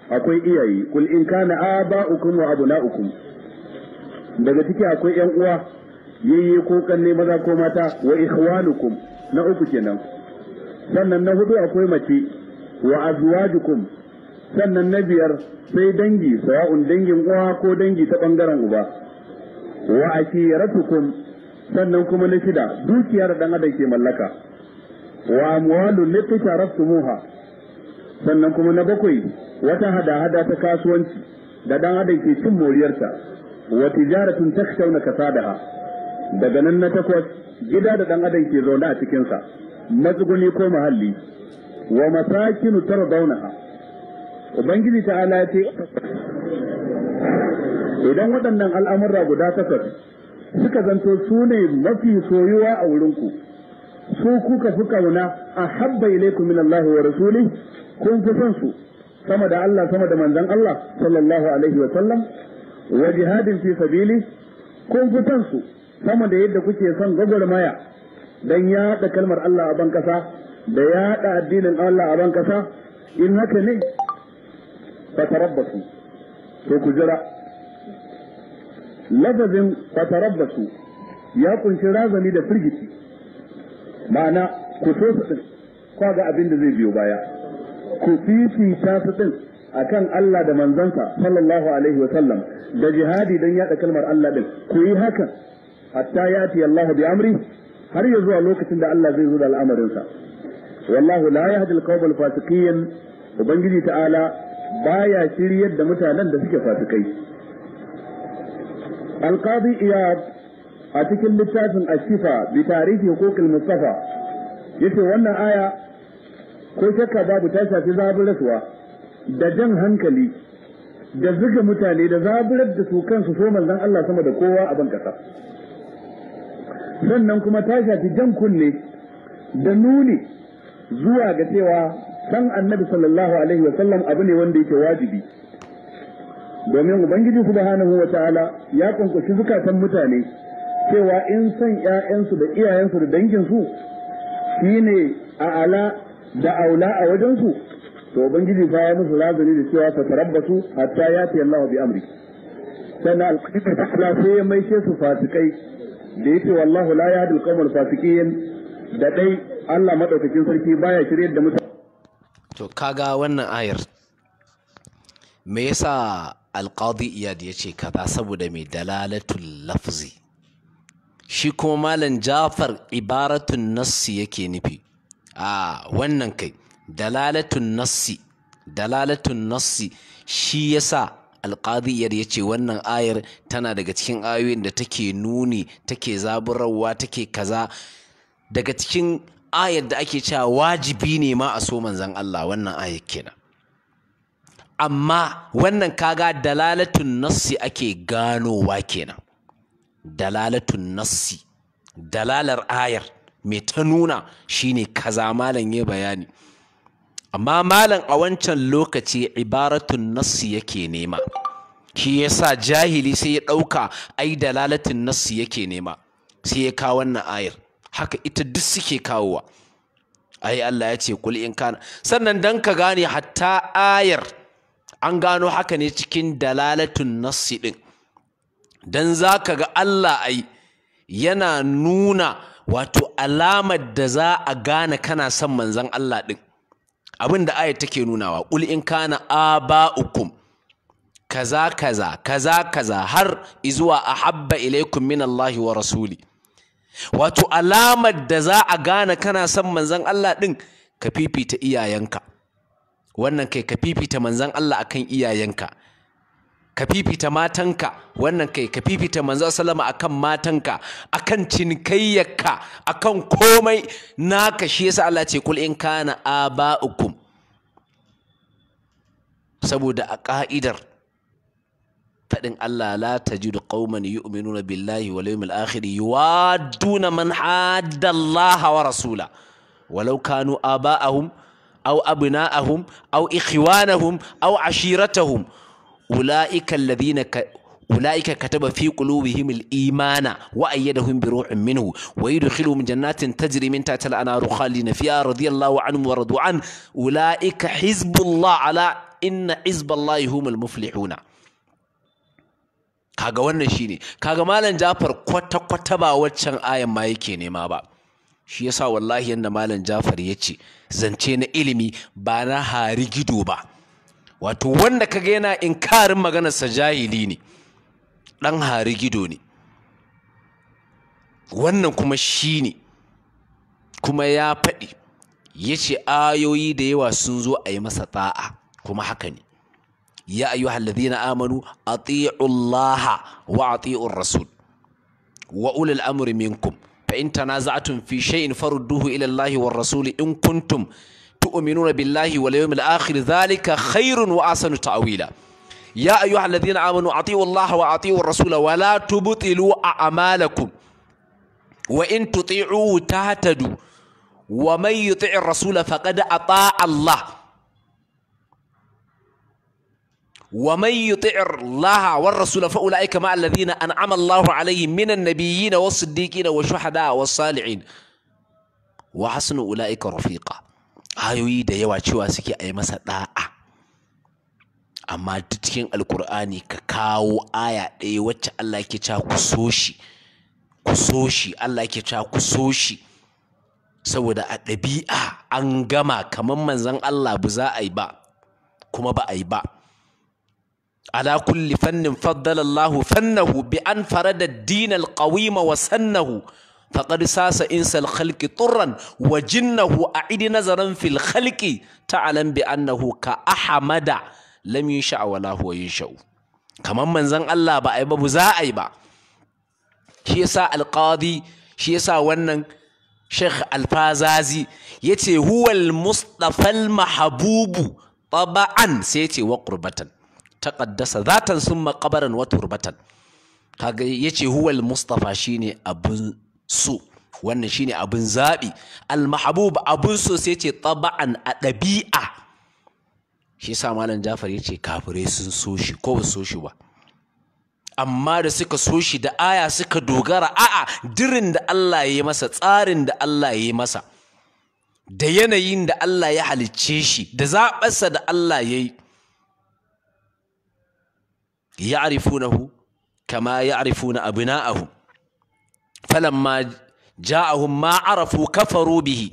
akwai iyaye kul in kana aba'ukum wa abna'ukum daga ciki akwai ƴan uwa yayye ko kanne maza ko mata wa ikhwanukum na uku kenan sannan na hudu akwai mace wa azwajukum sannan na biyar sai dangi sawa'un dangin uwa ko dangi ta bangaren uba wa akiratukum sannan kuma na shida dukiya da dan adam ke mallaka wa lati tarattumuha sannan kuma na bakwai wata hada-hada ta kasuwanci da dan adam ke cin moriyarsa wa tijaratun takshawna kasadaha daga nan na takwas gida da dan adam ke zaune a cikin sa matsuguni ko muhalli wa masakinu tardawnaha ubangiji ta ya ce idan waɗannan al'amurra guda takwas suka zanto su mafi soyuwa a wurinku su kuka fi kauna a habba ilaikum min wa rasulih kun fi son su sama da Allah sama da manzon Allah sallallahu alaihi wa sallam wa jihadin fi sabili kun fi son su sama da yadda kuke son gwagwarmaya dan yaɗa kalmar Allah a ban kasa da yaɗa addinin Allah a ban kasa in haka ne fatarabbasu to ku jira lafazin fatarabbasu ya kunshi razani da firgici ma'ana ku so su ga abin da zai biyo baya ku fifita su din akan Allah da manzansa sallallahu alaihi wa sallam da jihadi dan yaɗa kalmar Allah ɗin. ku yi haka hatta yati Allah bi amri har ya zuwa lokacin da Allah zai zo da al'amarinsa wallahu la yahdi al-qawm fasiqin ubangiji ta'ala baya shiryar da mutanen da suke fasikai al-qadi iyad a cikin littafin ashifa bi tarihi huquq mustafa yace wannan aya ko shakka babu ta shafi zaburarsuwa da jan hankali da zuga mutane da zaburar da su kansu so manzon Allah sama da kowa a ban kasa sannan kuma ta shafi jan kunne da nuni zuwa ga cewa san annabi sallallahu alaihi wa sallam abu ne wanda yake wajibi domin ubangiji subhanahu wa ta'ala ya kunkushi zukatan mutane cewa in san ƴaƴansu da iyayensu da danginsu shine a ala da aula a wajensu to ubangiji fa ya musu lazari da cewa ta tarabbasu hatta ya yati Allah bi amri sannan ta kula sai ya maishe su fasikai da yace wallahu la yahdil kamar fasiqin da dai Allah madaukakin sarki baya shirya da mutane to kaga wannan ayar me yasa alqadi iyad yace kaza saboda mai dalalatul lafzi shi kuma malam jafar ibaratun nassi yake nufi a wannan kai dalalatun nassi dalalatun nassi shi yasa ya yace wannan ayar tana daga cikin ayoyin da take nuni take zaburarwa take kaza daga cikin ayar da ake cewa wajibi ne ma a so manzon Allah wannan ayar kenan amma wannan kaga dalalatun nassi ake ganowa kenan dalalatun nassi dalalar ayar Mai ta nuna shine kaza malam ya bayani amma malam a wancan lokaci ibaratun nassi yake nema shi yasa jahili sai ya ɗauka ai dalalatin nassi yake nema sai ya kawo wannan ayar haka ita duk suke kawowa ai Allah ya ce kul in kana sannan dan ka gane hatta ayar an gano haka ne cikin dalalatun nassi din dan zaka ga Allah ai yana nuna wato alamar da za a gane kana son manzon Allah ɗin, abin da ayat take nunawa ƙul in kana aba'ukum kaza kaza kaza kaza har izuwa ahabba ilaikum min Allah wa rasuli wato alamar da za a gane kana son manzon Allah ɗin, ka fifita iyayenka wannan kai ka fifita manzon Allah akan iyayenka ka fifita matanka wannan kai ka fifita manzo sallama akan matanka akan cinikayyarka akan komai naka shi yasa Allah ce kul in kana aba'ukum saboda a ka'idar faɗin Allah la tajidu qauman yu'minuna billahi wal yawmil akhir yuwadduna man hadda Allah wa rasula walau kanu aba'ahum aw abna'ahum aw ikhwanahum aw ashiratahum ulaika kataba fi qulubihim al-imana wa ayyadahum bi ruhin minhu wa yudkhiluhum jannatin tajri min tahtiha al-anharu khalidina fiha radiyallahu anhum wa radu an ulaika hizbullah ala inna hizballahi humul muflihuna kaga wannan shine kaga malam jafar kwata kwata ba waccan ayan ma yake nema ba shi yasa wallahi yanda malam jafar ya ce zance na ilimi ba na harigido ba wato wanda kaga yana inkarin maganarsa jahili ne hari gido ne wannan kuma shi ne kuma ya faɗi ya ayoyi da yawa sun zo a yi masa ta'a kuma haka ne ya ayu halladina amanu ati'u Laha wa ati'u rasul wa ulil amri minkum fa in tanaza'tum fi shay'in farudduhu ila ilallahi war rasuli in kuntum تؤمنون بالله واليوم الآخر ذلك خير وأحسن تأويلا يا أيها الذين آمنوا أطيعوا الله وأطيعوا الرسول ولا تبطلوا أعمالكم وإن تطيعوا تهتدوا ومن يطع الرسول فقد أطاع الله ومن يطع الله والرسول فأولئك مع الذين أنعم الله عليهم من النبيين والصديقين والشهداء والصالحين وحسن أولئك رفيقا ayoyi da yawa cewa suke a yi masa ɗa'a amma duk cikin alkur'ani ka kawo aya ɗaya wacce Allah ke cewa ku so shi ku so shi Allah ke cewa ku so shi saboda a ɗabi'a an gama kamar manzon Allah bu za a yi ba kuma ba a yi ba ala kulli fannin faddala fannahu bi an farada dinal din wa sannahu faqad sasa insal khalqi turran wa jinnahu a'idi nazaran fil khalqi ta'lam bi annahu ka ahmada lam yusha wa la huwa yusha kaman manzon Allah ba ai ba bu za ai ba shi yasa alqadi shi yasa wannan Sheikh Alfazazi yace huwal mustafal mahabubu taba'an sai yace wa qurbatan taqaddasa zatan summa qabaran wa turbatan kaga yace huwal mustafa shine abun so wannan shine abin zaɓi almahabub abin so sai ce taban a ɗabi'a shi sa malam jafar ya ce kafire sun so shi ko ba so shi ba amma da suka so shi da aya suka dogara a'a dirin da Allah ya yi masa tsarin da Allah ya yi masa da yanayin da Allah ya halicce shi da zaɓarsa da Allah ya yi ya'rifunahu kama ya'rifuna abna'ahum falamma ja'ahum ma arafu kafaru bihi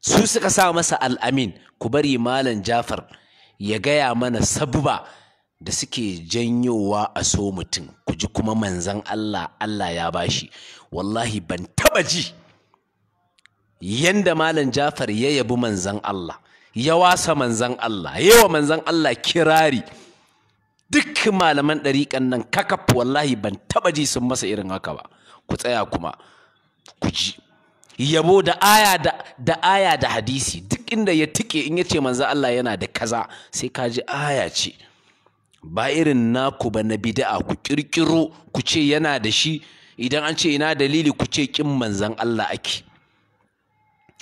su suka sa masa al'amin ku bari malam jafar ya gaya mana sabuba da suke janyowa a so mutum ku ji kuma manzan Allah Allah ya bashi wallahi ban taba ji yanda malam jafar ya yabi manzan Allah ya wasa manzan Allah yawa manzan Allah kirari duk malaman ɗariƙan nan kakaf wallahi ban taɓa ji sun masa irin haka ba ku tsaya kuma ku ji yabo da aya da, da aya da hadisi duk inda ya tike in ya ce manzo Allah yana da kaza sai ka ji aya ce ba irin naku ba na bid'a ku kirkiro ku ce yana da shi idan an ce ina dalili ku ce kin manzon Allah ake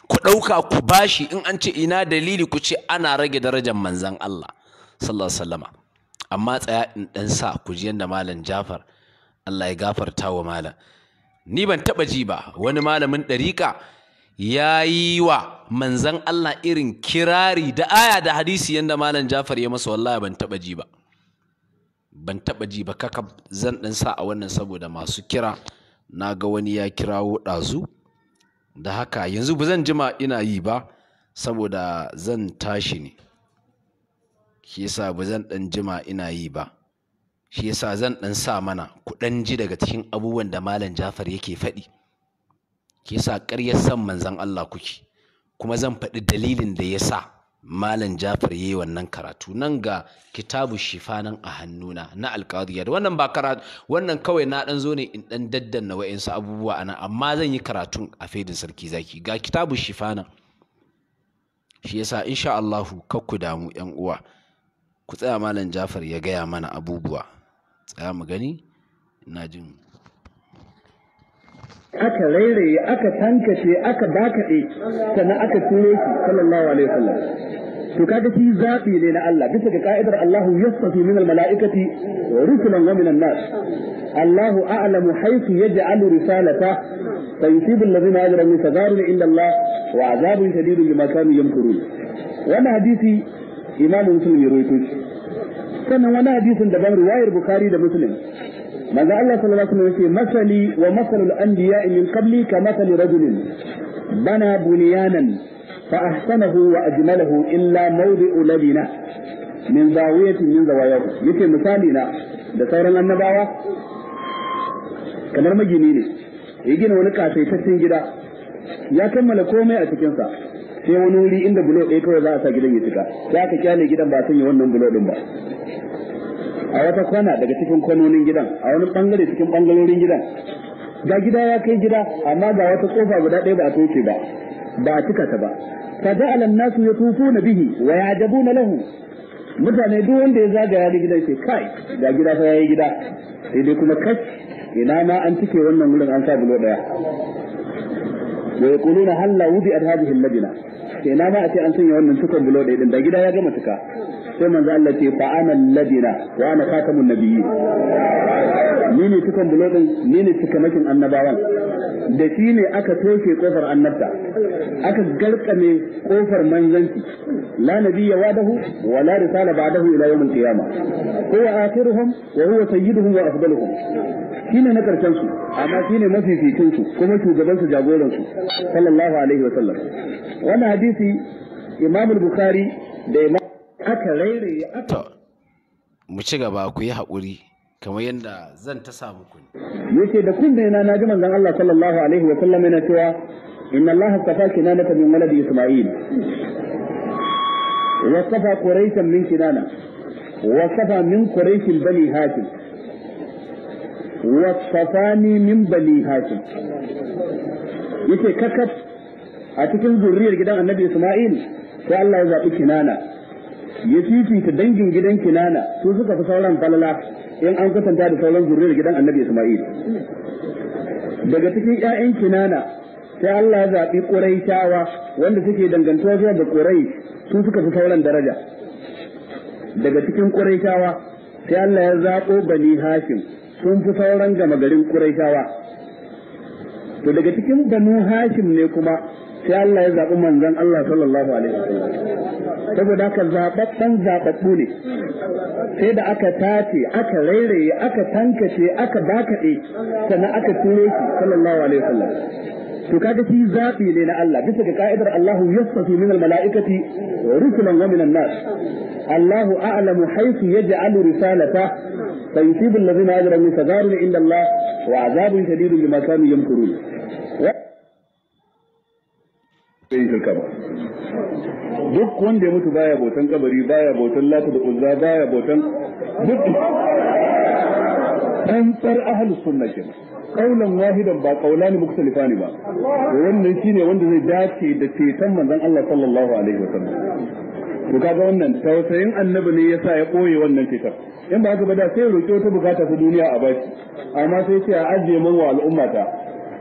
ku ɗauka ku bashi in an ce ina dalili ku ce ana rage darajar manzan Allah sallallahu alaihi wasallam amma tsaya in ɗan sa ku ji yadda malam jafar allah ya gafarta wa malam ni ban taɓa ji ba wani malamin ɗariƙa ya yi wa manzan allah irin kirari da aya da hadisi yadda malam jafar ya masa wallahi ban taɓa ji ba ban taɓa ji ba kaka zan ɗan sa a wannan saboda masu kira na ga wani ya kirawo ɗazu da haka yanzu ba zan jima ina yi ba saboda zan tashi ne shi yasa ba zan dan jima ina yi ba shi yasa zan dan sa mana ku dan ji daga cikin abubuwan da malam jafar yake faɗi shi yasa ƙaryar san manzon Allah kuke kuma zan faɗi dalilin da ya sa malam jafar yayi wannan karatu nan ga kitabu shifa nan a hannuna na alqadiyar wannan ba karatu wannan kawai na dan zo ne in dan daddanna wa'insu abubuwa anan amma zan yi karatun a faidin sarki zaki ga kitabu shifa nan shi yasa insha Allahu ku damu yan uwa ku tsaya malam jafar ya gaya mana abubuwa tsaya mu gani ina jin aka rairaye aka tankashe aka dakaɗe sannan aka ture shi sallallahu alaihi wasallam to kaga shi zabi ne na Allah bisa ga ka'idar Allah yasfatu min mala'ikati, wa rusulan wa min annas Allah a'lamu haythu yaj'alu risalata fayusibu alladhina ajramu fadharun illa Allah wa azabun shadidun bima kanu yamkurun wannan hadisi imamu muslim ya rawaito shi sannan wani hadisin daban riwayar bukhari da muslim Maza Allah sallallahu alaihi wasallam yace masali wa masalul anbiya min qabli ka masali rajulin bana bunyanan fa ahsanahu wa ajmalahu illa mawdi'u ladina min zawiyatin min zawayahu yace misali na da sauran annabawa kamar magini ne ya gina wani kasaitaccen gida ya kammala komai a cikinsa sai wani wuri inda bulo ɗaya kawai za a sa gidan ya cika sai aka kyale gidan ba yi wannan bulo ɗin ba a wata kwana daga cikin kwanonin gidan a wani ɓangare cikin ɓangarorin gidan ga gida ya kai gida amma ga wata kofa guda ɗaya ba a toke ba ba a cika ta ba فجعل الناس ya به na له mutane duk wanda ya zagaya da gidan sai kai ga gida fa yayi gida sai dai kuma kai? ina ma an cike wannan wurin an sa bulo daya wa yaquluna halla wudi hadhihi al-madina ina ma a ce an sanya wannan tukar bulo ɗaya ɗin da gida ya gama tuka sai manzo Allah ce fa ana ladina wa ana khatamun nabiyyi ni ne cikin bulodin ni ne cikin makin annabawan da shi ne aka toshe kofar annabta aka garkame kofar manzanci la nabiyya wadahu wa la risala ba'dahu ila yawm al-qiyamah huwa akhiruhum wa huwa sayyiduhum wa afdaluhum shine na karshen su amma shine mafificin su kuma shugaban su jagoran su sallallahu alaihi wa sallam wannan hadisi imam al-bukhari da imam aka rairaye aka mu ci gaba ku yi haƙuri kamar yadda zan ta samu kuni. Yake da kunne na ji manzon Allah sallallahu alaihi wa sallam yana cewa inna Allah kafa kinana min waladi Isma'il wa kafa quraishan min kinana wa kafa min quraish bani Hashim wa kafani min bani Hashim Yake kakaf a cikin zuriyar gidan Annabi Isma'il sai Allah ya zabi kinana ya fifita dangin gidan kinana su suka fi sauran falala in an kasanta da sauran da gidan annabi Ismail daga cikin 'ya'yan kinana sai Allah ya zaɓi tawa wanda suke dangantuwa zuwa da Quraish su suka fi sauran daraja daga cikin tawa sai Allah ya zaɓo Bani Hashim sun fi sauran gama garin tawa to daga cikin Banu Hashim ne kuma sai Allah ya zaɓi manzon Allah sallallahu alaihi wasallam saboda haka zaɓaɓɓen zaɓaɓɓu ne sai da aka tace aka rairaye aka tankace aka bakaɗe sannan aka turo shi sallallahu alaihi wasallam to kaga shi zaɓi ne na Allah bisa ga ka'idar Allahu yastafi min al-mala'ikati rusulan wa min an-nas Allahu a'lamu haythu yaj'alu risalata فيصيب الذين اجرموا صغار عند الله وعذاب شديد بما كانوا يمكرون sai shirka ba duk wanda ya mutu baya bautan kabari baya bautan lata da uzza baya bautan duk tantar ahlus sunna ke, kaulan wahidan ba kaulani mukhtalifa ne ba wannan shine wanda zai dace da ceton manzon Allah sallallahu alaihi wasallam to kaga wannan tausayin annabi ne yasa ya koye wannan ceton in ba haka ba da sai roƙi wata bukata ta duniya a baki amma sai ce a ajiye man wa al'ummata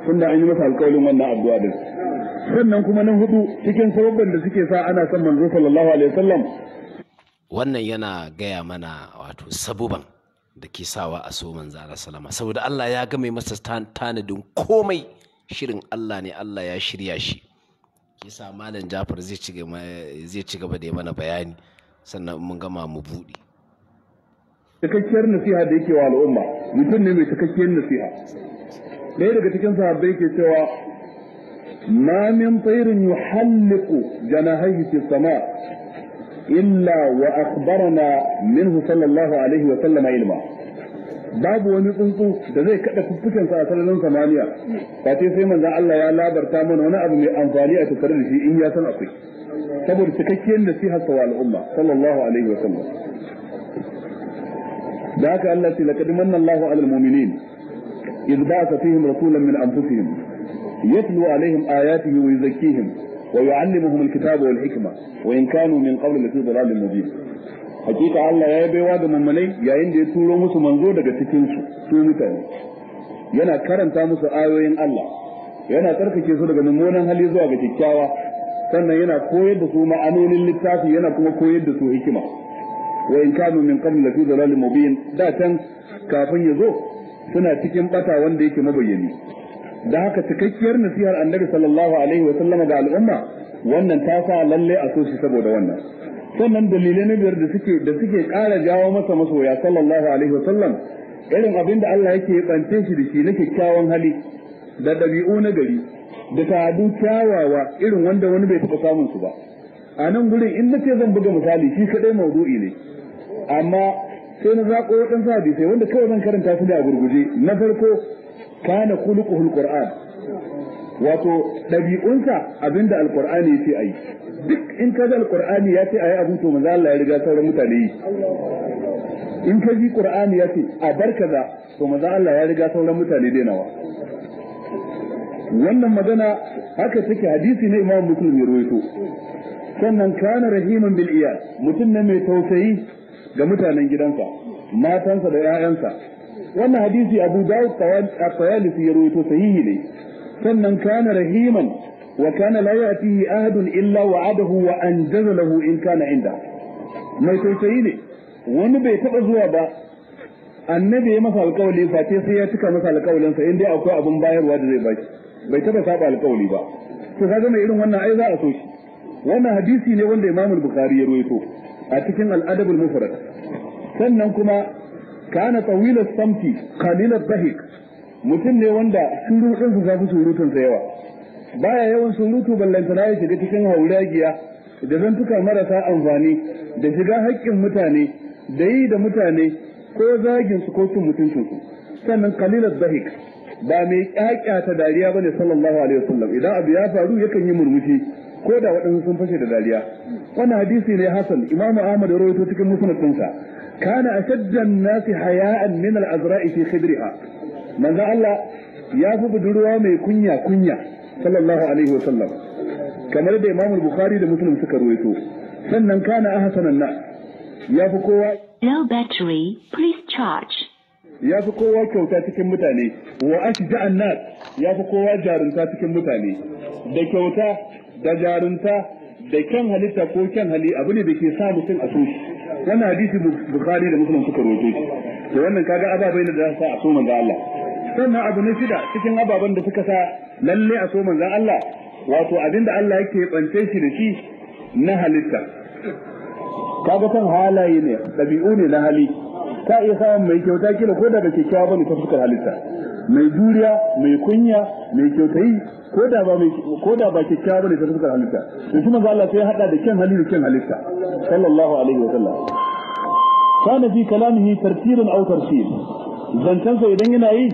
tunda an yi masa alƙawarin wannan addu'a din sannan kuma nan hudu cikin sababbin da suke sa ana son manzo sallallahu alaihi wasallam wannan yana gaya mana wato sabuban da ke sawa a so manzo alaihi wasallam saboda Allah ya ga mai masa tanadin komai shirin Allah ne Allah ya shirya shi yasa malam Jafar zai ci gaba zai ci gaba da mana bayani sannan mun gama mu buɗe cikakkiyar nasiha da yake wa al'umma mutum ne mai cikakkiyar nasiha ɗaya daga cikin sahabbai ke cewa ما من طير يحلق جناهيه في السماء الا واخبرنا منه صلى الله عليه وسلم علما باب وني تنتو ده زي كده كفكن صلى الله عليه ثمانيه فاتي سي من الله يا الله برتا من وانا ابو مي انفاني اتكرر شيء ان يا سن اقي سبب تكيكين نصيحه سوى الامه صلى الله عليه وسلم ذاك الذي لقد من الله على المؤمنين اذ بعث فيهم رسولا من انفسهم يتلو عليهم آياته ويزكيهم ويعلمهم الكتاب والحكمة وإن كانوا من قبل لفي ضلال مبين hakika Allah ya yi baiwa ga mummunai yayin da ya turo musu manzo daga cikin su mutane yana karanta musu ayoyin Allah yana tsarkake su daga mummunan hali zuwa ga kyakkyawa sannan yana koyar da su ma'anonin littafi yana kuma koyar da su hikima wa in kanu min qabl lafi dhalalin mubin da can kafin ya zo suna cikin bata wanda yake mabayyani da haka cikakkiyar nasihar annabi sallallahu alaihi wa sallama ga al'umma wannan ta sa lalle a so saboda wannan sannan dalilai na biyar da suke da suke ƙara jawo masa masoya sallallahu alaihi wa sallam irin abin da Allah yake tsance shi da shi na kyakkyawan hali da dabi'u na gari da ta'adu kyawawa irin wanda wani bai taɓa samun su ba a nan gurin in nace zan buga misali shi kadai maudu'i ne amma sai na zaƙo waɗansu hadisai wanda kawai zan karanta su da a gurguje na farko kana khuluquhul qur'an wato dabi'unsa abinda alqur'ani yace ayi duk in ka ji alqur'ani yace ayi abin to manzo Allah ya riga sauran mutane yi in ka ji qur'ani ce a bar kaza to manzo Allah ya riga sauran mutane denawa wannan magana haka take hadisi ne Imam Muslim ya rawaito sannan kana rahiman bil iyal mutum ne mai tausayi ga mutanen gidansa matansa da 'ya'yansa wannan hadisi abu dawud at-tayalisi ya rawaito sahihi ne sannan kana rahiman wa kana la yatihi ahadun illa wa'adahu wa anjaza lahu in kana inda mai tausayi ne wani bai taba zuwa ba annabi ya masa alƙawali face sai ya cika masa alkawalin sa inda akwai abun bayarwa da zai baki bai taba saba alƙawali ba to kaga mai irin wannan ai za a so shi wannan hadisi ne wanda Imam Bukhari ya rawaito a cikin al-Adab al sannan kuma kana tawila samti qalila dhahik mutum ne wanda surutun sa zafi surutun sa yawa baya yawan surutu ballantana ya shiga cikin hauragiya da zantuka marasa amfani da shiga haƙƙin mutane da yi da mutane ko zagin su ko cin mutuncin su sannan qalila dhahik ba mai ta dariya bane sallallahu alaihi wasallam idan abu ya faru yakan yi murmushi ko da waɗansu sun fashe da dariya wannan hadisi ne hasan imamu ahmad ya rawaito cikin musnadinsa ɗinsa كان أشد الناس حياء من العذراء في خدرها من ذا الله يا فو بدروا مي كنيا كنيا صلى الله عليه وسلم كما لدى إمام البخاري ده مسلم سكر ويتو سنن كان أحسن الناس يا كوا low battery please charge ya fi kowa kyauta cikin mutane wa ashja annas ya fi kowa jarunta cikin mutane da kyauta da jarunta da kyan halitta ko kyan hali abu ne da ke sa mutum a so wannan hadisi bukhari da muslim suka roƙe shi to wannan kaga ababai da za a so manzon Allah sannan abu na shida cikin ababen da suka sa lalle a so manzon Allah wato abinda Allah yake bance shi da shi na halitta kaga san halaye ne dabi'u ne na hali Ta iya samun mai kyauta kila ko da ba kyakkyawa bane ta fuskar halitta mai juriya mai kunya mai kyautayi ko da ba ke ko da ba kikkiawa ta suka halitta to shi manzo Allah sai ya hada da kyan hali da kyan halitta sallallahu alaihi wa sallam kana fi kalamihi tartilun aw tartil zancansa idan yana yi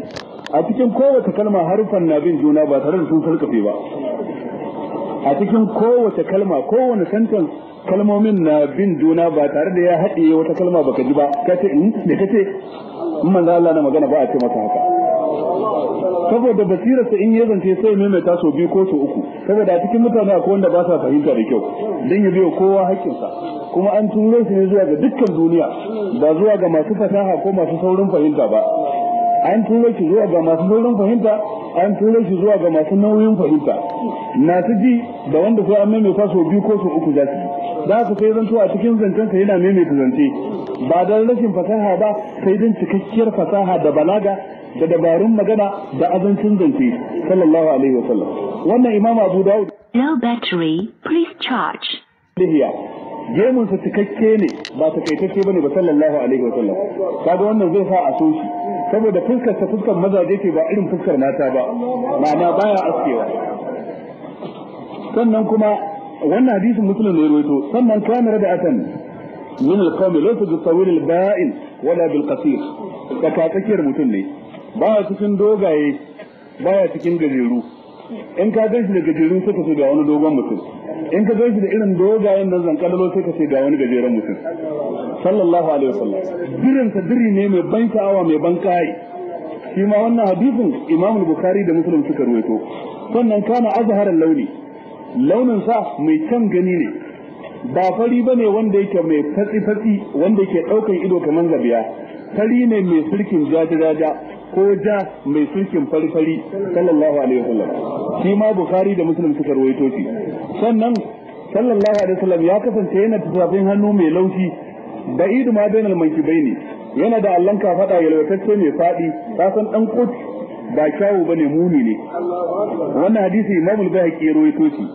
a cikin kowace kalma harufan na bin juna ba tare da sun sarkafe ba a cikin kowace kalma kowane santan kalmomin na bin juna ba tare da ya haɗe wata kalma baka ji ba kace in hmm, da kace in manzo Allah na magana ba a ce masa haka saboda basirarsa in ya zance sai maimaita sau biyu ko sau uku saboda a cikin mutane akwai wanda ba sa fahimta da kyau don ya biyo kowa haƙƙinsa kuma an turo shi ne zuwa ga dukkan duniya ba zuwa ga masu fasaha ko masu saurin fahimta ba an turo shi zuwa ga masu saurin fahimta an turo shi zuwa ga masu nauyin fahimta su ji da wanda sai an maimaita sau biyu ko sau uku za su za ku sai zanto a cikin zancen yana maimaita zance ba don rashin fasaha ba sai don cikakkiyar fasaha da balaga da dabarun magana da azancin zance sallallahu alaihi wa sallam wannan imam abu dawud low battery please charge lihiya gemunsa cikakke ne ba takaitacce bane ba sallallahu alaihi wa sallam kaga wannan zai sa a so shi saboda fuskar ta fuskar mazaje ce ba irin fuskar nata ba ma'ana baya askewa sannan kuma wannan hadisin musulun ne rawaito sannan kana da atan min al-qawmi laysa bi tawil al-ba'il wala bil qasir mutum ne baya cikin dogaye baya cikin gajeru in ka gan shi da gajeru sai ka ce ga wani dogon mutum in ka gan shi da irin dogayen nan zankalalo sai ka ce ga wani gajeren mutum sallallahu alaihi wasallam birin ta diri ne mai ban sha'awa mai ban kai shi ma wannan hadisin imam bukhari da muslim suka ruwaito sannan kana al launi launin sa mai kan gani ne ba fari bane wanda yake mai fatsi fatsi wanda yake daukan ido kamar zabiya fari ne mai sirkin jaji jaja ko ja mai sulkin farfari sallallahu alaihi wasallam shi ma bukhari da muslim suka rawaito shi sannan sallallahu alaihi wasallam ya kasance yana tafafin hannu mai laushi ba'idu ma bainal mankibaini yana da allon kafada yalwatacce mai fadi ka san dan koci ba kyawu bane muni ne wannan hadisi imamu al-bahaqi ya rawaito shi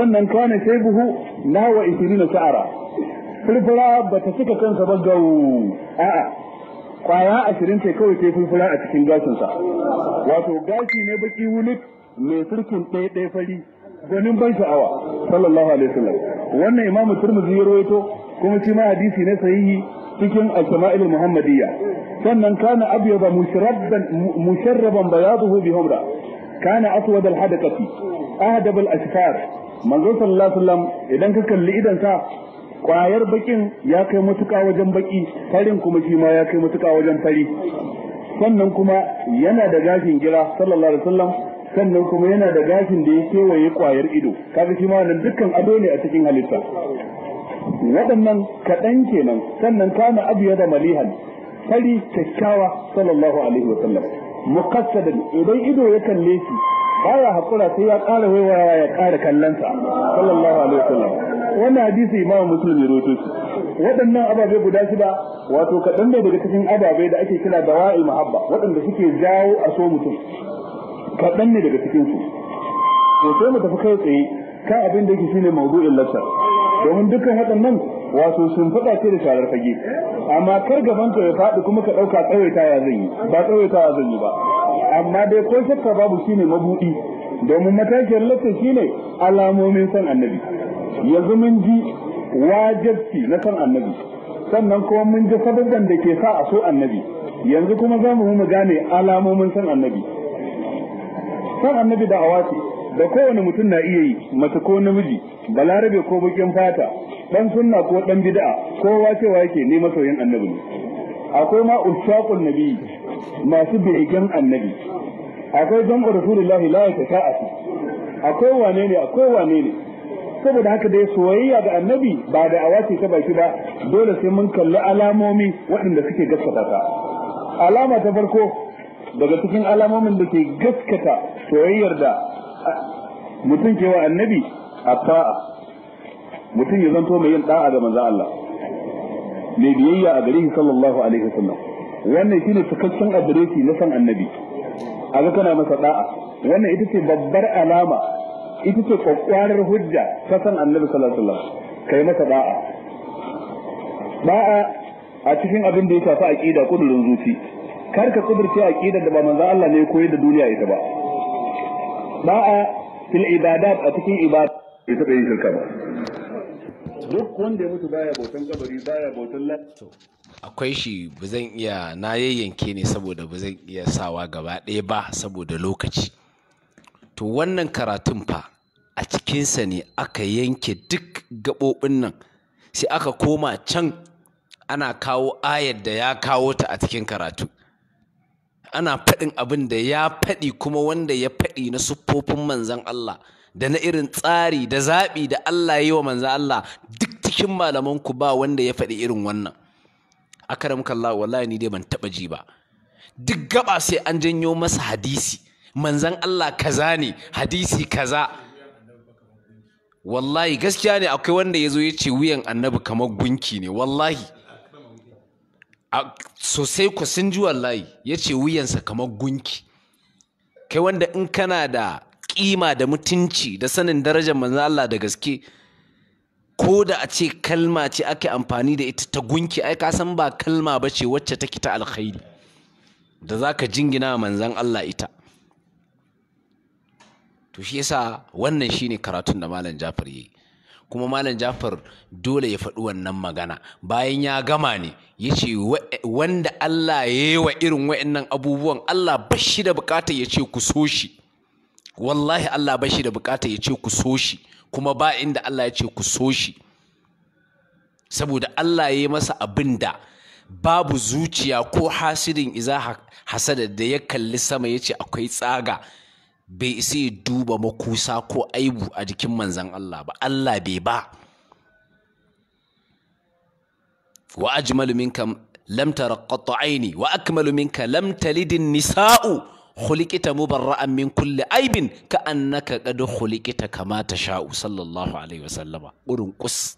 sannan kana buhu nawa 20 sa'ara furfura bata cika kansa ba ga a'a kwaya ashirin ce kawai sai fulfula a cikin gashinsa wato gashi ne baki wulik mai surkin ɗaya fari gwanin ban sha'awa sallallahu alaihi wasallam wannan imamu turmuzi ya rawaito kuma shi ma hadisi ne sahihi cikin al muhammadiyya sannan kana abyada mushrabban musharraban bayaduhu bi humra kana aswad al-hadaqati ahdab al-ashfar manzo sallallahu alaihi wasallam idan ka kalli idan sa kwayar bakin ya kai matuƙa wajen baki farin kuma shi ma ya kai matuƙa wajen fari sannan kuma yana da gashin gira sallallahu alaihi wasallam sannan kuma yana da gashin da ya kewaye kwayar ido kaga shi ma nan dukkan ado ne a cikin halitta waɗannan kaɗan kenan sannan kana abiya da malihan fari kyakkyawa sallallahu alaihi wasallam mukassadan idan ido ya kalle shi baya hakura sai ya ƙara waiwaya ya ƙara kallonsa sallallahu alaihi wasallam wannan hadisi imamu muslim ya rawaito shi waɗannan ababe guda shida wato kaɗan ne daga cikin ababe da ake kira da wa'i mahabba waɗanda suke jawo a so mutum kaɗan ne daga cikin su to sai mu tafi kai tsaye kan abin da yake shine mawdu'in lafsar domin dukkan waɗannan wato sun faɗa ce da sharar fage amma kar gaban ka ya faɗi kuma ka ɗauka tsawaita ya zan yi ba tsawaita ya zan yi ba amma dai ko shakka babu shine mabuɗi domin matakin lafsar shine alamomin san annabi yanzu mun ji wajibci na san annabi sannan kuma mun ji sabbin da ke sa a so annabi yanzu kuma za mu mu gane alamomin san annabi san annabi da awaci da kowane mutum na iya yi mace ko namiji balarabe ko bakin fata dan sunna ko dan bid'a kowa cewa yake ne masoyin annabi ne akwai ma ushaqul nabi masu bi'igan annabi akwai jam'u rasulullahi la ta'ati akwai wane ne akwai wane ne saboda haka dai soyayya ga annabi ba da awace ta baki ba dole sai mun kalli alamomi waɗanda suke gaskata ta alama ta farko daga cikin alamomin da ke gaskata soyayyar da mutum ke wa annabi a ta'a mutum ya zanto mai yin ɗa'a ga manzon Allah mai biyayya a gare shi sallallahu alaihi wasallam wannan shine cikakken adireshi na san annabi a ga kana masa ɗa'a? wannan ita ce babbar alama ita ce kwakwarar hujja ta san annabi sallallahu alaihi wasallam kai masa da'a da'a a cikin abin da ya shafi aqida kudurin zuci kar ka kudurce aqidar da ba manzo Allah ne koyi da duniya ita ba da'a fil ibadat a cikin ibada ita da yin shirka ba duk wanda ya mutu baya bautan kabari baya bautan lato akwai shi ba zan iya na yayyanke ne saboda ba zan iya sawa gaba ɗaya ba saboda lokaci to wannan karatun fa a cikinsa ne aka yanke duk gaɓoɓin nan sai aka koma can ana kawo ayar da ya kawo ta a cikin karatu ana faɗin abin da ya faɗi kuma wanda ya faɗi na siffofin manzan Allah da na irin tsari da zaɓi da Allah ya yi wa manzan Allah duk cikin malamanku ba wanda ya faɗi irin wannan Allah wallahi ni dai ban taɓa ji ba duk gaba sai an janyo masa hadisi manzan Allah kaza ne hadisi kaza wallahi gaskiya ne akwai wanda ya zo ya ce wuyan annabi kamar gunki ne wallahi sosai ku sun ji wallahi ya ce wuyansa kamar gunki kai wanda in kana da kima da mutunci da sanin darajar manzan Allah da gaske ko da a ce kalma ce ake amfani da ita ta gunki ai ka san ba kalma ba ce wacce take ta alkhairi da za ka jingina manzan Allah ita to shi yasa wannan shine karatun da malam jafar yi kuma malam jafar dole ya faɗi wannan magana bayan ya gama ne ya ce wanda allah ya yi wa irin wa'annan abubuwan allah bashi da bukata ya ce ku so shi wallahi allah bashi da bukata ya ce ku so shi kuma ba inda allah ya ce ku so shi saboda allah ya yi masa abin da babu zuciya ko hasidin iza hasada da ya kalli sama ya ce akwai tsaga bai isa ya duba makusa ko aibu a jikin manzan Allah ba Allah bai ba wa ajmalu minka lam tara aini wa akmalu minka lam talid nisa'u khuliqita mubarra'an min kulli aibin ka annaka qad khuliqita kama tasha'u sallallahu alaihi wasallama urun qus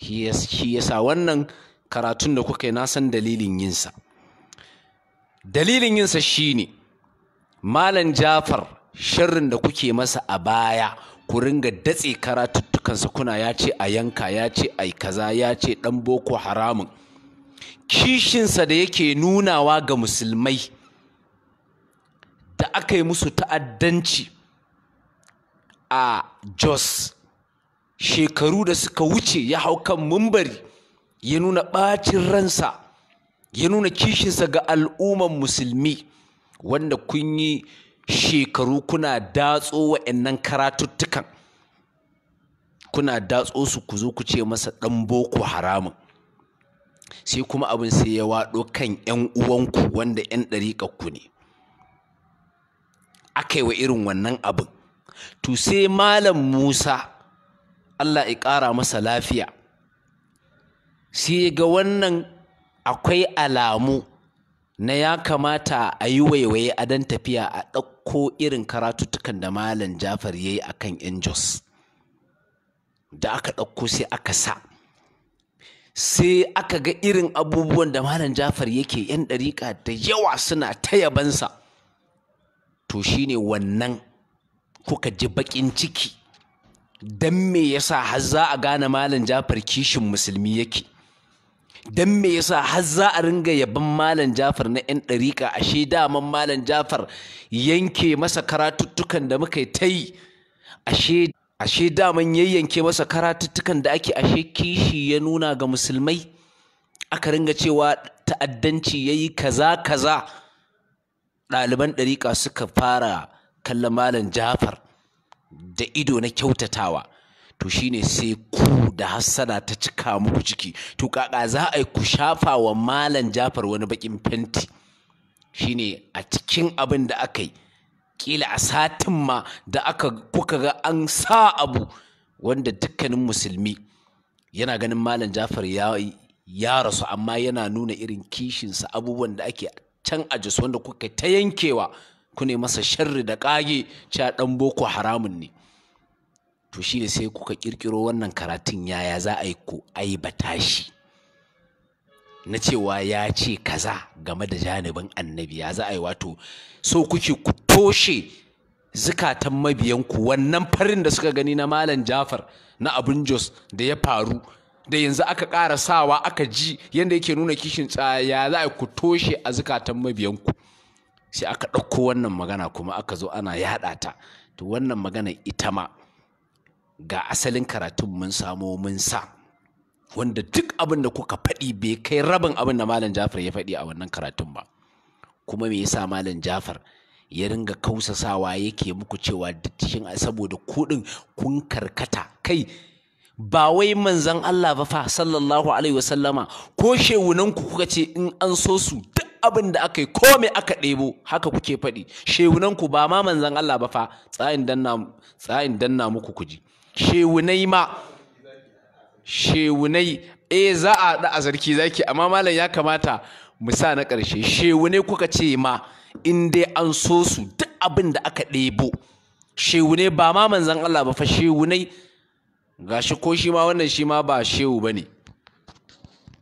shi yasa wannan karatun da kuka yi na san dalilin yinsa dalilin yinsa shine Malam Jafar shirin da kuke masa a baya ku ringa datse karatuttukansa kuna ya ce a yanka ya ce ai kaza ya ce dan boko haramun kishinsa da yake nunawa ga musulmai da aka yi musu ta'addanci a Jos shekaru da suka wuce ya hau kan mumbari ya nuna ɓacin ransa ya nuna kishinsa ga al'umman musulmi wanda kun yi shekaru kuna datso wa'annan karatuttukan kuna datso su ku zo ku ce masa ɗan boko haramun sai kuma abin sai ya waɗo kan 'yan uwanku wanda 'yan ku ne aka yi wa irin wannan abin to sai malam musa allah ya ƙara masa lafiya sai ga wannan akwai alamu na ya kamata a yi waiwaye a dan tafiya a ɗauko irin karatuttukan da Malam Jafar ya yi a kan ‘yan Jos. Da aka ɗauko sai aka sa. Sai aka ga irin abubuwan da Malam Jafar yake ‘yan ɗariƙa da yawa suna ta yabansa. To shi ne wannan kuka ji baƙin ciki. Don me yasa har za a gane Malam Jafar kishin musulmi yake. don me yasa har za a ringa yabon malam jafar na 'yan a ashe daman malam jafar yanke masa karatuttukan da muka ta yi a ashe daman yanke masa karatuttukan da ake ashe kishi ya nuna ga musulmai aka ringa cewa ta'addanci ya yi kaza kaza ɗaliban ɗarika suka fara kallon malam jafar da ido na kyautatawa to shine sai ku da hassada ta cika muku ciki to kaka za a yi ku shafa wa malam jafar wani bakin fenti shine a cikin abin da aka yi kila a satin ma da aka kuka ga an sa abu wanda dukkanin musulmi yana ganin malam jafar ya ya rasu amma yana nuna irin kishinsa abubuwan da ake can a wanda kuka ta yankewa ku ne masa sharri da kage. cewa ɗan boko haramun ne to shi ne sai kuka kirkiro wannan karatun yaya za a yi ku aibata shi na cewa ya ce kaza game da janibin annabi ya za a yi wato so kuke ku toshe zukatan mabiyanku wannan farin da suka gani na malam jafar na Abun jos da ya faru da yanzu aka ƙara sawa aka ji yadda yake nuna kishin tsaya za a ku toshe a zukatan mabiyanku sai aka ɗauko wannan magana kuma aka zo ana yaɗa ta to wannan magana ita ma ga asalin karatun mun samo mun sa wanda duk abin da kuka faɗi bai kai rabin abin da malam jafar ya faɗi a wannan karatun ba kuma me yasa malam jafar ya ringa kausasawa yake muku cewa dattishin saboda kuɗin kun karkata kai ba wai manzan Allah ba fa sallallahu alaihi wasallama ko shewunanku kuka ce in an so su duk abin da aka yi ko me aka ɗebo haka kuke faɗi ku ba ma manzan Allah ba fa tsayin danna muku kuji shewunai ma shewunai e eh, za a da a zarki zaki amma malam ya kamata mu sa na ƙarshe shewunai kuka ce ma in dai an so su duk abin da aka ɗebo shewunai ba ma manzan Allah ba fa shewunai gashi ko shi ma wannan shi ma ba shewu bane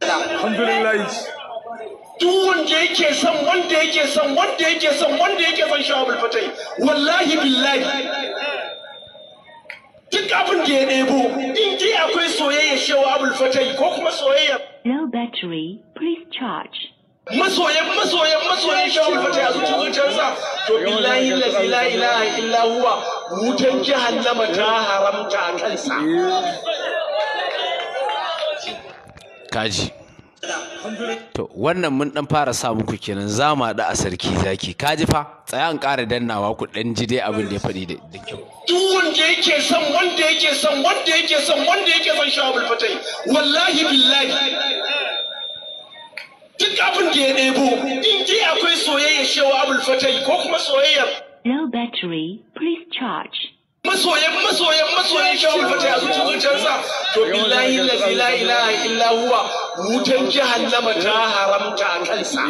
alhamdulillah duk wanda yake son wanda yake son wanda yake son wanda yake son shawabul fatai wallahi billahi duk abin da ya ɗebo in ji akwai soyayya shewa abul fatai ko kuma soyayya no battery please charge masoyan masoyan masoyan shewa abul fatai a cikin zuciyarsa to billahi lazi la ilaha illa huwa wutan jahannama ta haramta a kansa kaji To wannan mun dan fara sa muku kenan za mu haɗu a sarki zaki ka ji fa tsaya an ƙara dannawa ku dan ji dai abin da ya faɗi da kyau. Duk wanda yake son wanda yake son wanda yake son wanda yake son shawabul fatai wallahi billahi duk abin da ya ɗebo in ji akwai soyayya shawabul fatai ko kuma soyayya. No battery, please charge. masoyan masoyan masoyan shawul fatai a zuciyarsa to billahi la ilaha illa huwa wutan jahannama ta haramta a kansa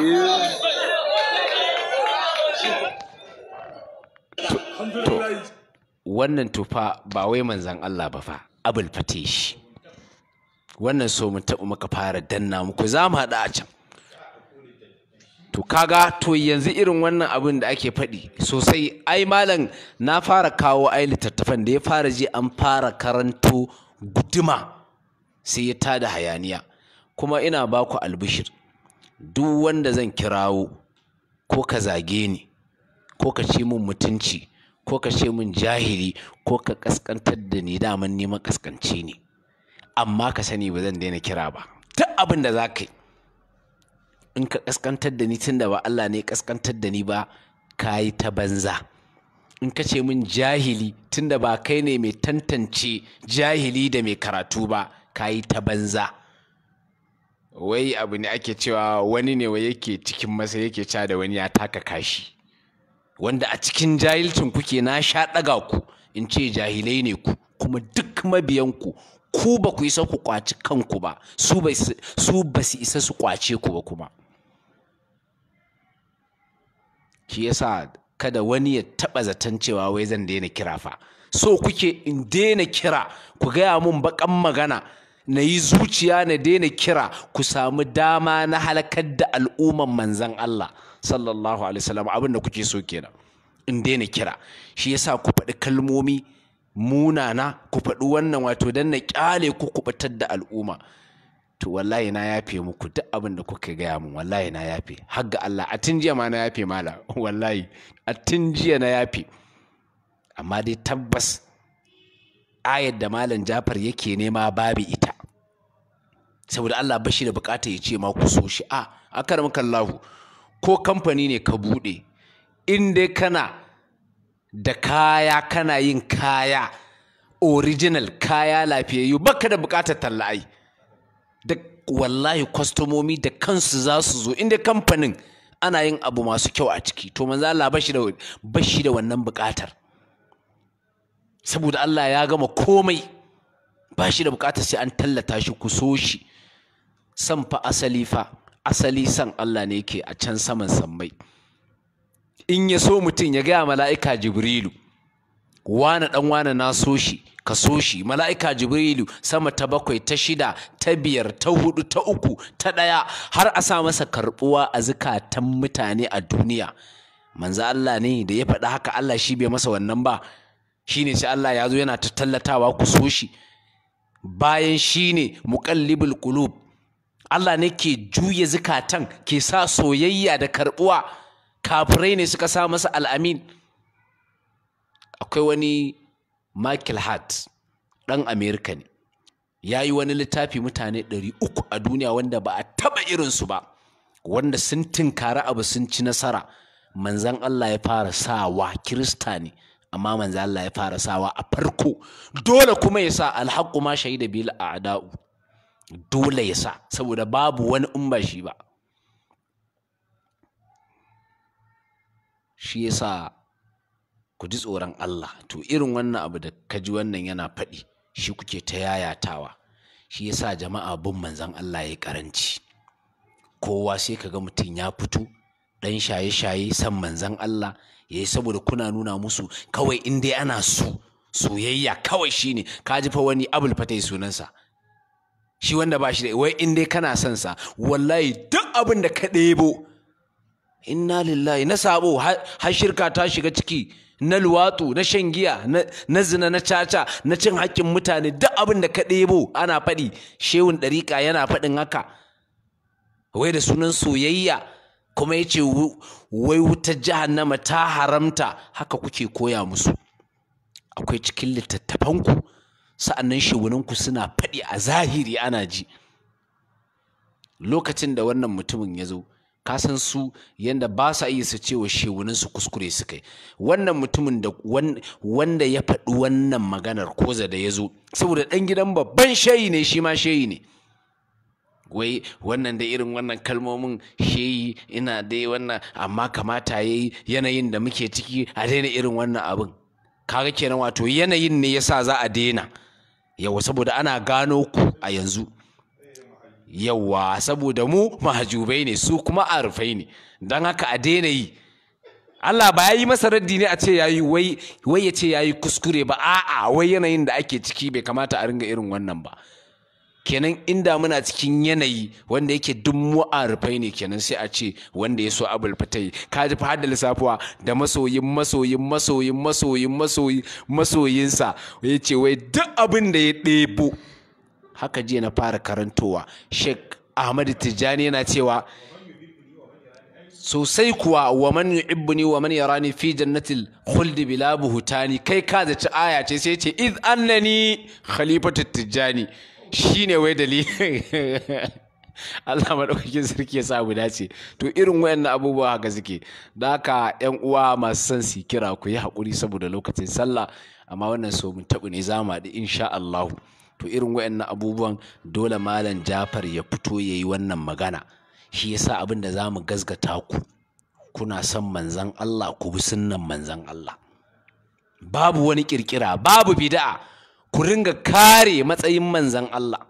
wannan tufa ba wai manzan Allah ba fa abul fate shi wannan so mu taɓa maka fara danna muku za mu haɗa a can to kaga to yanzu irin wannan abin da ake faɗi sosai ai malam na fara kawo ai littattafan da ya fara ji an fara karanto guduma sai ya tada hayaniya kuma ina ba ku albishir duk wanda zan kirawo ko ka zage ni ko ka ce min mutunci ko ka ce min jahili ko ka kaskantar da ni daman ni makaskanci ne amma ka sani ba zan daina kira ba duk abin da za ka yi in ka kaskantar da ni tun da ba Allah ne kaskantar da ni ba ka yi ta banza in ka ce min jahili tun da ba kai ne mai tantance jahili da mai karatu ba ka yi ta banza wai abu ne ake cewa wani ne wai yake cikin masa yake ca da wani ya taka kashi wanda a cikin jahilcin kuke na sha ɗaga ku in ce jahilai ne ku kuma duk mabiyanku ku ba ku isa ku kwaci kanku ba su ba su isa su kwace ku ba kuma shi yasa kada wani ya taɓa zaton cewa wai zan daina kira fa so kuke in daina kira ku gaya mun baƙan magana na yi zuciya na daina kira ku samu dama na halakar da al'umman manzan Allah sallallahu alaihi wasallam abin da kuke so kenan in daina kira shi yasa ku faɗi kalmomi munana ku faɗi wannan wato dan na kyale ku kubatar da al'umma to wallahi na yafe muku duk abin da kuka gaya mun wallahi na yafe har ga Allah a tun jiya ma na yafe mala wallahi a tun jiya na yafe amma dai tabbas ayar da malam Jafar yake nema babu ita saboda Allah ba shi da bukata ya ce ma ku so shi a akaram kallahu ko kamfani ne ka bude in dai kana da kaya kana yin kaya original kaya lafiyayyu baka da bukatar talla ai da wallahi kwastomomi da kansu za su zo inda kamfanin ana yin abu masu kyau a ciki to manzo Allah bashi da shi da wannan bukatar saboda Allah ya gama komai bashi da bukatar sai an tallata shi ku so shi san fa asali fa asali san Allah ne yake a can saman sammai in ya so mutum ya gaya mala'ika jibrilu wane dan wane na so shi ka so shi mala'ika jibrilu sama ta bakwai ta shida ta biyar ta hudu ta uku ta ɗaya har a sa masa karɓuwa a zukatan mutane a duniya manzo Allah ne da ya faɗa haka Allah shi bai masa wannan ba shi ne shi Allah ya zo yana ta tallatawa ku so shi bayan ne muƙallibul qulub Allah ne ke juya zikatan ke sa soyayya da karbuwa kafirai ne suka sa masa al'amin akwai wani Michael Hart ɗan Amerika ne ya yi wani littafi mutane ɗari uku a duniya wanda ba a taɓa su ba wanda sun tinkari abu sun ci nasara manzan Allah ya fara sawa kirista ne amma manzan Allah ya fara sawa a farko dole kuma ya sa alhaƙu ma shahida bil a'da'u dole ya sa saboda babu wani in ba shi ba shi yasa ku ji tsoron Allah to irin wannan abu da ka ji wannan yana faɗi shi kuke ta yayatawa shi yasa jama'a bin manzan Allah ya karanci kowa sai ka ga mutum ya fito ɗan shaye-shaye san manzan Allah ya yi saboda kuna nuna musu kawai in dai ana so soyayya kawai shine ka ji fa wani abul fatai sunansa shi wanda ba shi da wai in dai kana son sa wallahi duk abin da ka ɗebo inna lillahi na sabo har shirka ta shiga ciki na luwatu na shan giya na zina na caca na cin hakkin mutane duk abin da ka ɗebo ana faɗi shehun ɗariƙa yana faɗin haka wai da sunan soyayya kuma ya ce wai wutar jahannama ta haramta haka kuke koya musu akwai cikin littattafanku sa'annan shehunanku suna faɗi a zahiri ana ji lokacin da wannan mutumin ya zo ka san su yanda ba sa iya su cewa shewunin su kuskure su kai wannan mutumin da wanda ya faɗi wannan maganar koza da ya zo saboda ɗan gidan babban shayi ne shi ma shayi ne wai wannan da irin wannan kalmomin sheyi ina dai wannan amma kamata ya yanayin da muke ciki a daina irin wannan abin kaga kenan wato yanayin ne yasa za a daina yawa saboda ana gano ku a yanzu yawa saboda mu mahajubai ne su kuma rufai ne don haka a daina yi Allah ba ya yi masa raddi ne a ce ya yi wai ya ce ya yi kuskure ba a'a wai yanayin da ake ciki bai kamata a ringa irin wannan ba kenan inda muna cikin yanayi wanda yake duk mu'arifai ne kenan sai a ce wanda ya so abul fitai ka ji fa hadda lissafuwa da masoyin masoyin masoyin masoyin masoyin masoyinsa ya ce wai duk abin da ya ɗebo haka jiya na fara karantowa shek ahmad tijjani yana cewa sosai kuwa wa man yuhibbuni wa man yarani fi jannatil khuldi bila buhutani kai ka zaci aya ce sai ce iz annani khalifatu tijjani Shi ne wai dalilin Allah maɗaukakin sarki ya sa mu dace to irin wayannan abubuwa haka suke da haka ƴan uwa masu son su kira ku yi haƙuri saboda lokacin sallah amma wannan so mun taɓu ne za mu haɗu insha Allah to irin wayannan abubuwan dole malam Jafar ya fito ya yi wannan magana shi ya sa abin da za mu gazgata ku kuna son manzan Allah ku bi sunnan manzan Allah babu wani kirkira babu bid'a ku ringa kare matsayin manzan Allah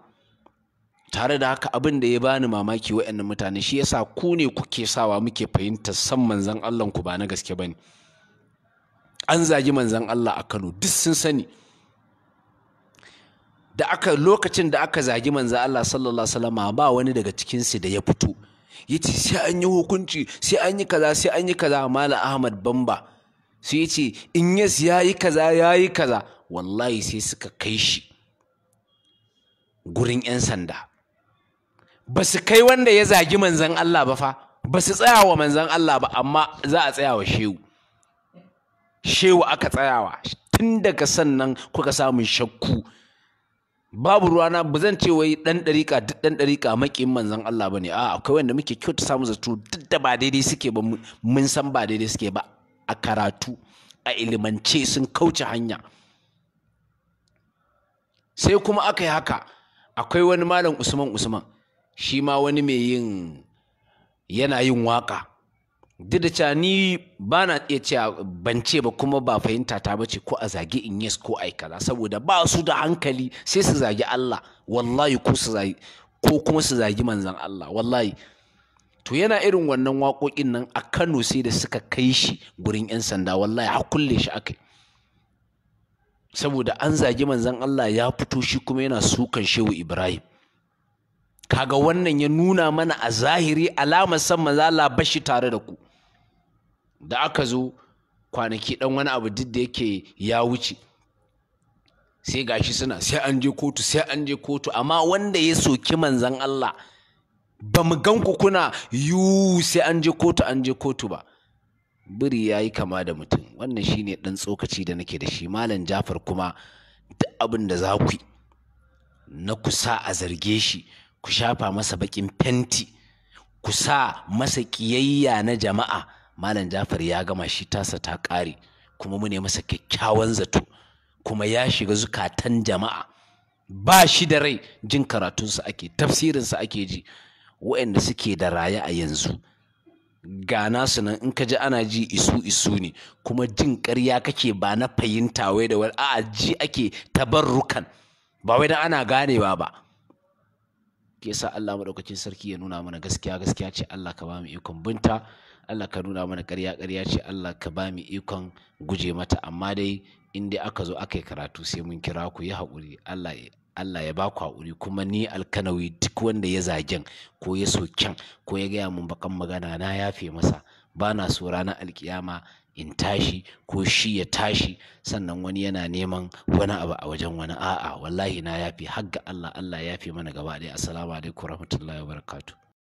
tare da haka abin da ya bani mamaki wa'annan mutane shi yasa ku ne kuke sawa muke fahimtar san manzan Allah ku ba na gaske bane an zagi manzan Allah a Kano duk sun sani da aka lokacin da aka zagi manzan Allah sallallahu alaihi wasallam ba wani daga cikin su da ya fito yace sai an yi hukunci sai an yi kaza sai an yi kaza Malam Ahmad Bamba sai yace in yes yayi kaza yayi kaza wallahi sai suka kai shi gurin 'yan sanda ba su kai wanda ya zagi manzan Allah ba fa ba su tsaya wa manzan Allah ba amma za a tsaya wa shehu shehu aka tsayawa tun daga sannan kuka samu shakku babu ruwana ba zan ce wai dan ɗariƙa duk dan ɗariƙa maƙin manzan Allah ba ne a akwai wanda muke kyauta samu zato duk da ba daidai suke ba mun san ba daidai suke ba a karatu a ilimance sun kauce hanya sai kuma aka yi haka akwai wani malam usman usman shi ma wani mai yin yana yin waka duk da cewa ni ba na iya cewa ban ce ba kuma ba fahimta ta bace ko a zagi in yes ko ai kaza saboda ba su da hankali sai su zagi Allah wallahi ko su zagi ko kuma su zagi manzon Allah wallahi to yana irin wannan waƙoƙin nan a Kano sai da suka kai shi gurin 'yan sanda wallahi a kulle shi akai saboda an zagi manzan Allah ya fito shi kuma yana sukan shehu Ibrahim kaga wannan ya nuna mana a zahiri alamar san manzon Allah bashi tare da ku da aka zo kwanaki dan wani abu duk da yake ya wuce sai gashi suna sai an je kotu sai an je kotu amma wanda ya soki manzan Allah ba mu gan ku kuna yu sai an je kotu an je kotu ba biri ya yi kama da mutum wannan shi ne ɗan tsokaci da nake da shi malam jafar kuma duk abin da za ku yi na kusa a zarge shi ku shafa masa baƙin fenti ku sa masa ƙiyayya na jama'a malam jafar ya gama shi tasa ta ƙare kuma mu ne masa kyakkyawan zato kuma ya shiga zukatan jama'a ba shi da rai jin karatunsa ake tafsirinsa ake ji waɗanda suke da raya a yanzu ga nasu nan in ka ji ana ji isu isu ne kuma jin karya kake ba na fahimta wai da wani a'a ji ake tabarrukan ba wai da ana ganewa ba ke sa Allah madaukakin sarki ya nuna mana gaskiya gaskiya ce Allah ka ba mu ikon binta Allah ka nuna mana ƙarya ƙarya ce Allah ka ba mu ikon guje mata amma dai in dai aka zo aka yi karatu sai mun kira ku yi haƙuri Allah ya. Allah ya baku ku haƙuri kuma ni alkanawi duk wanda ya zagen ko ya so soken ko ya gaya mun bakan magana na yafe masa ba na so ranar alkiyama in tashi ko shi ya tashi sannan wani yana neman wani abu a wajen wani a'a wallahi na yafi har ga Allah Allah ya yafe mana gaba ɗaya assalamu alaikum warahmatullahi wabarakatuh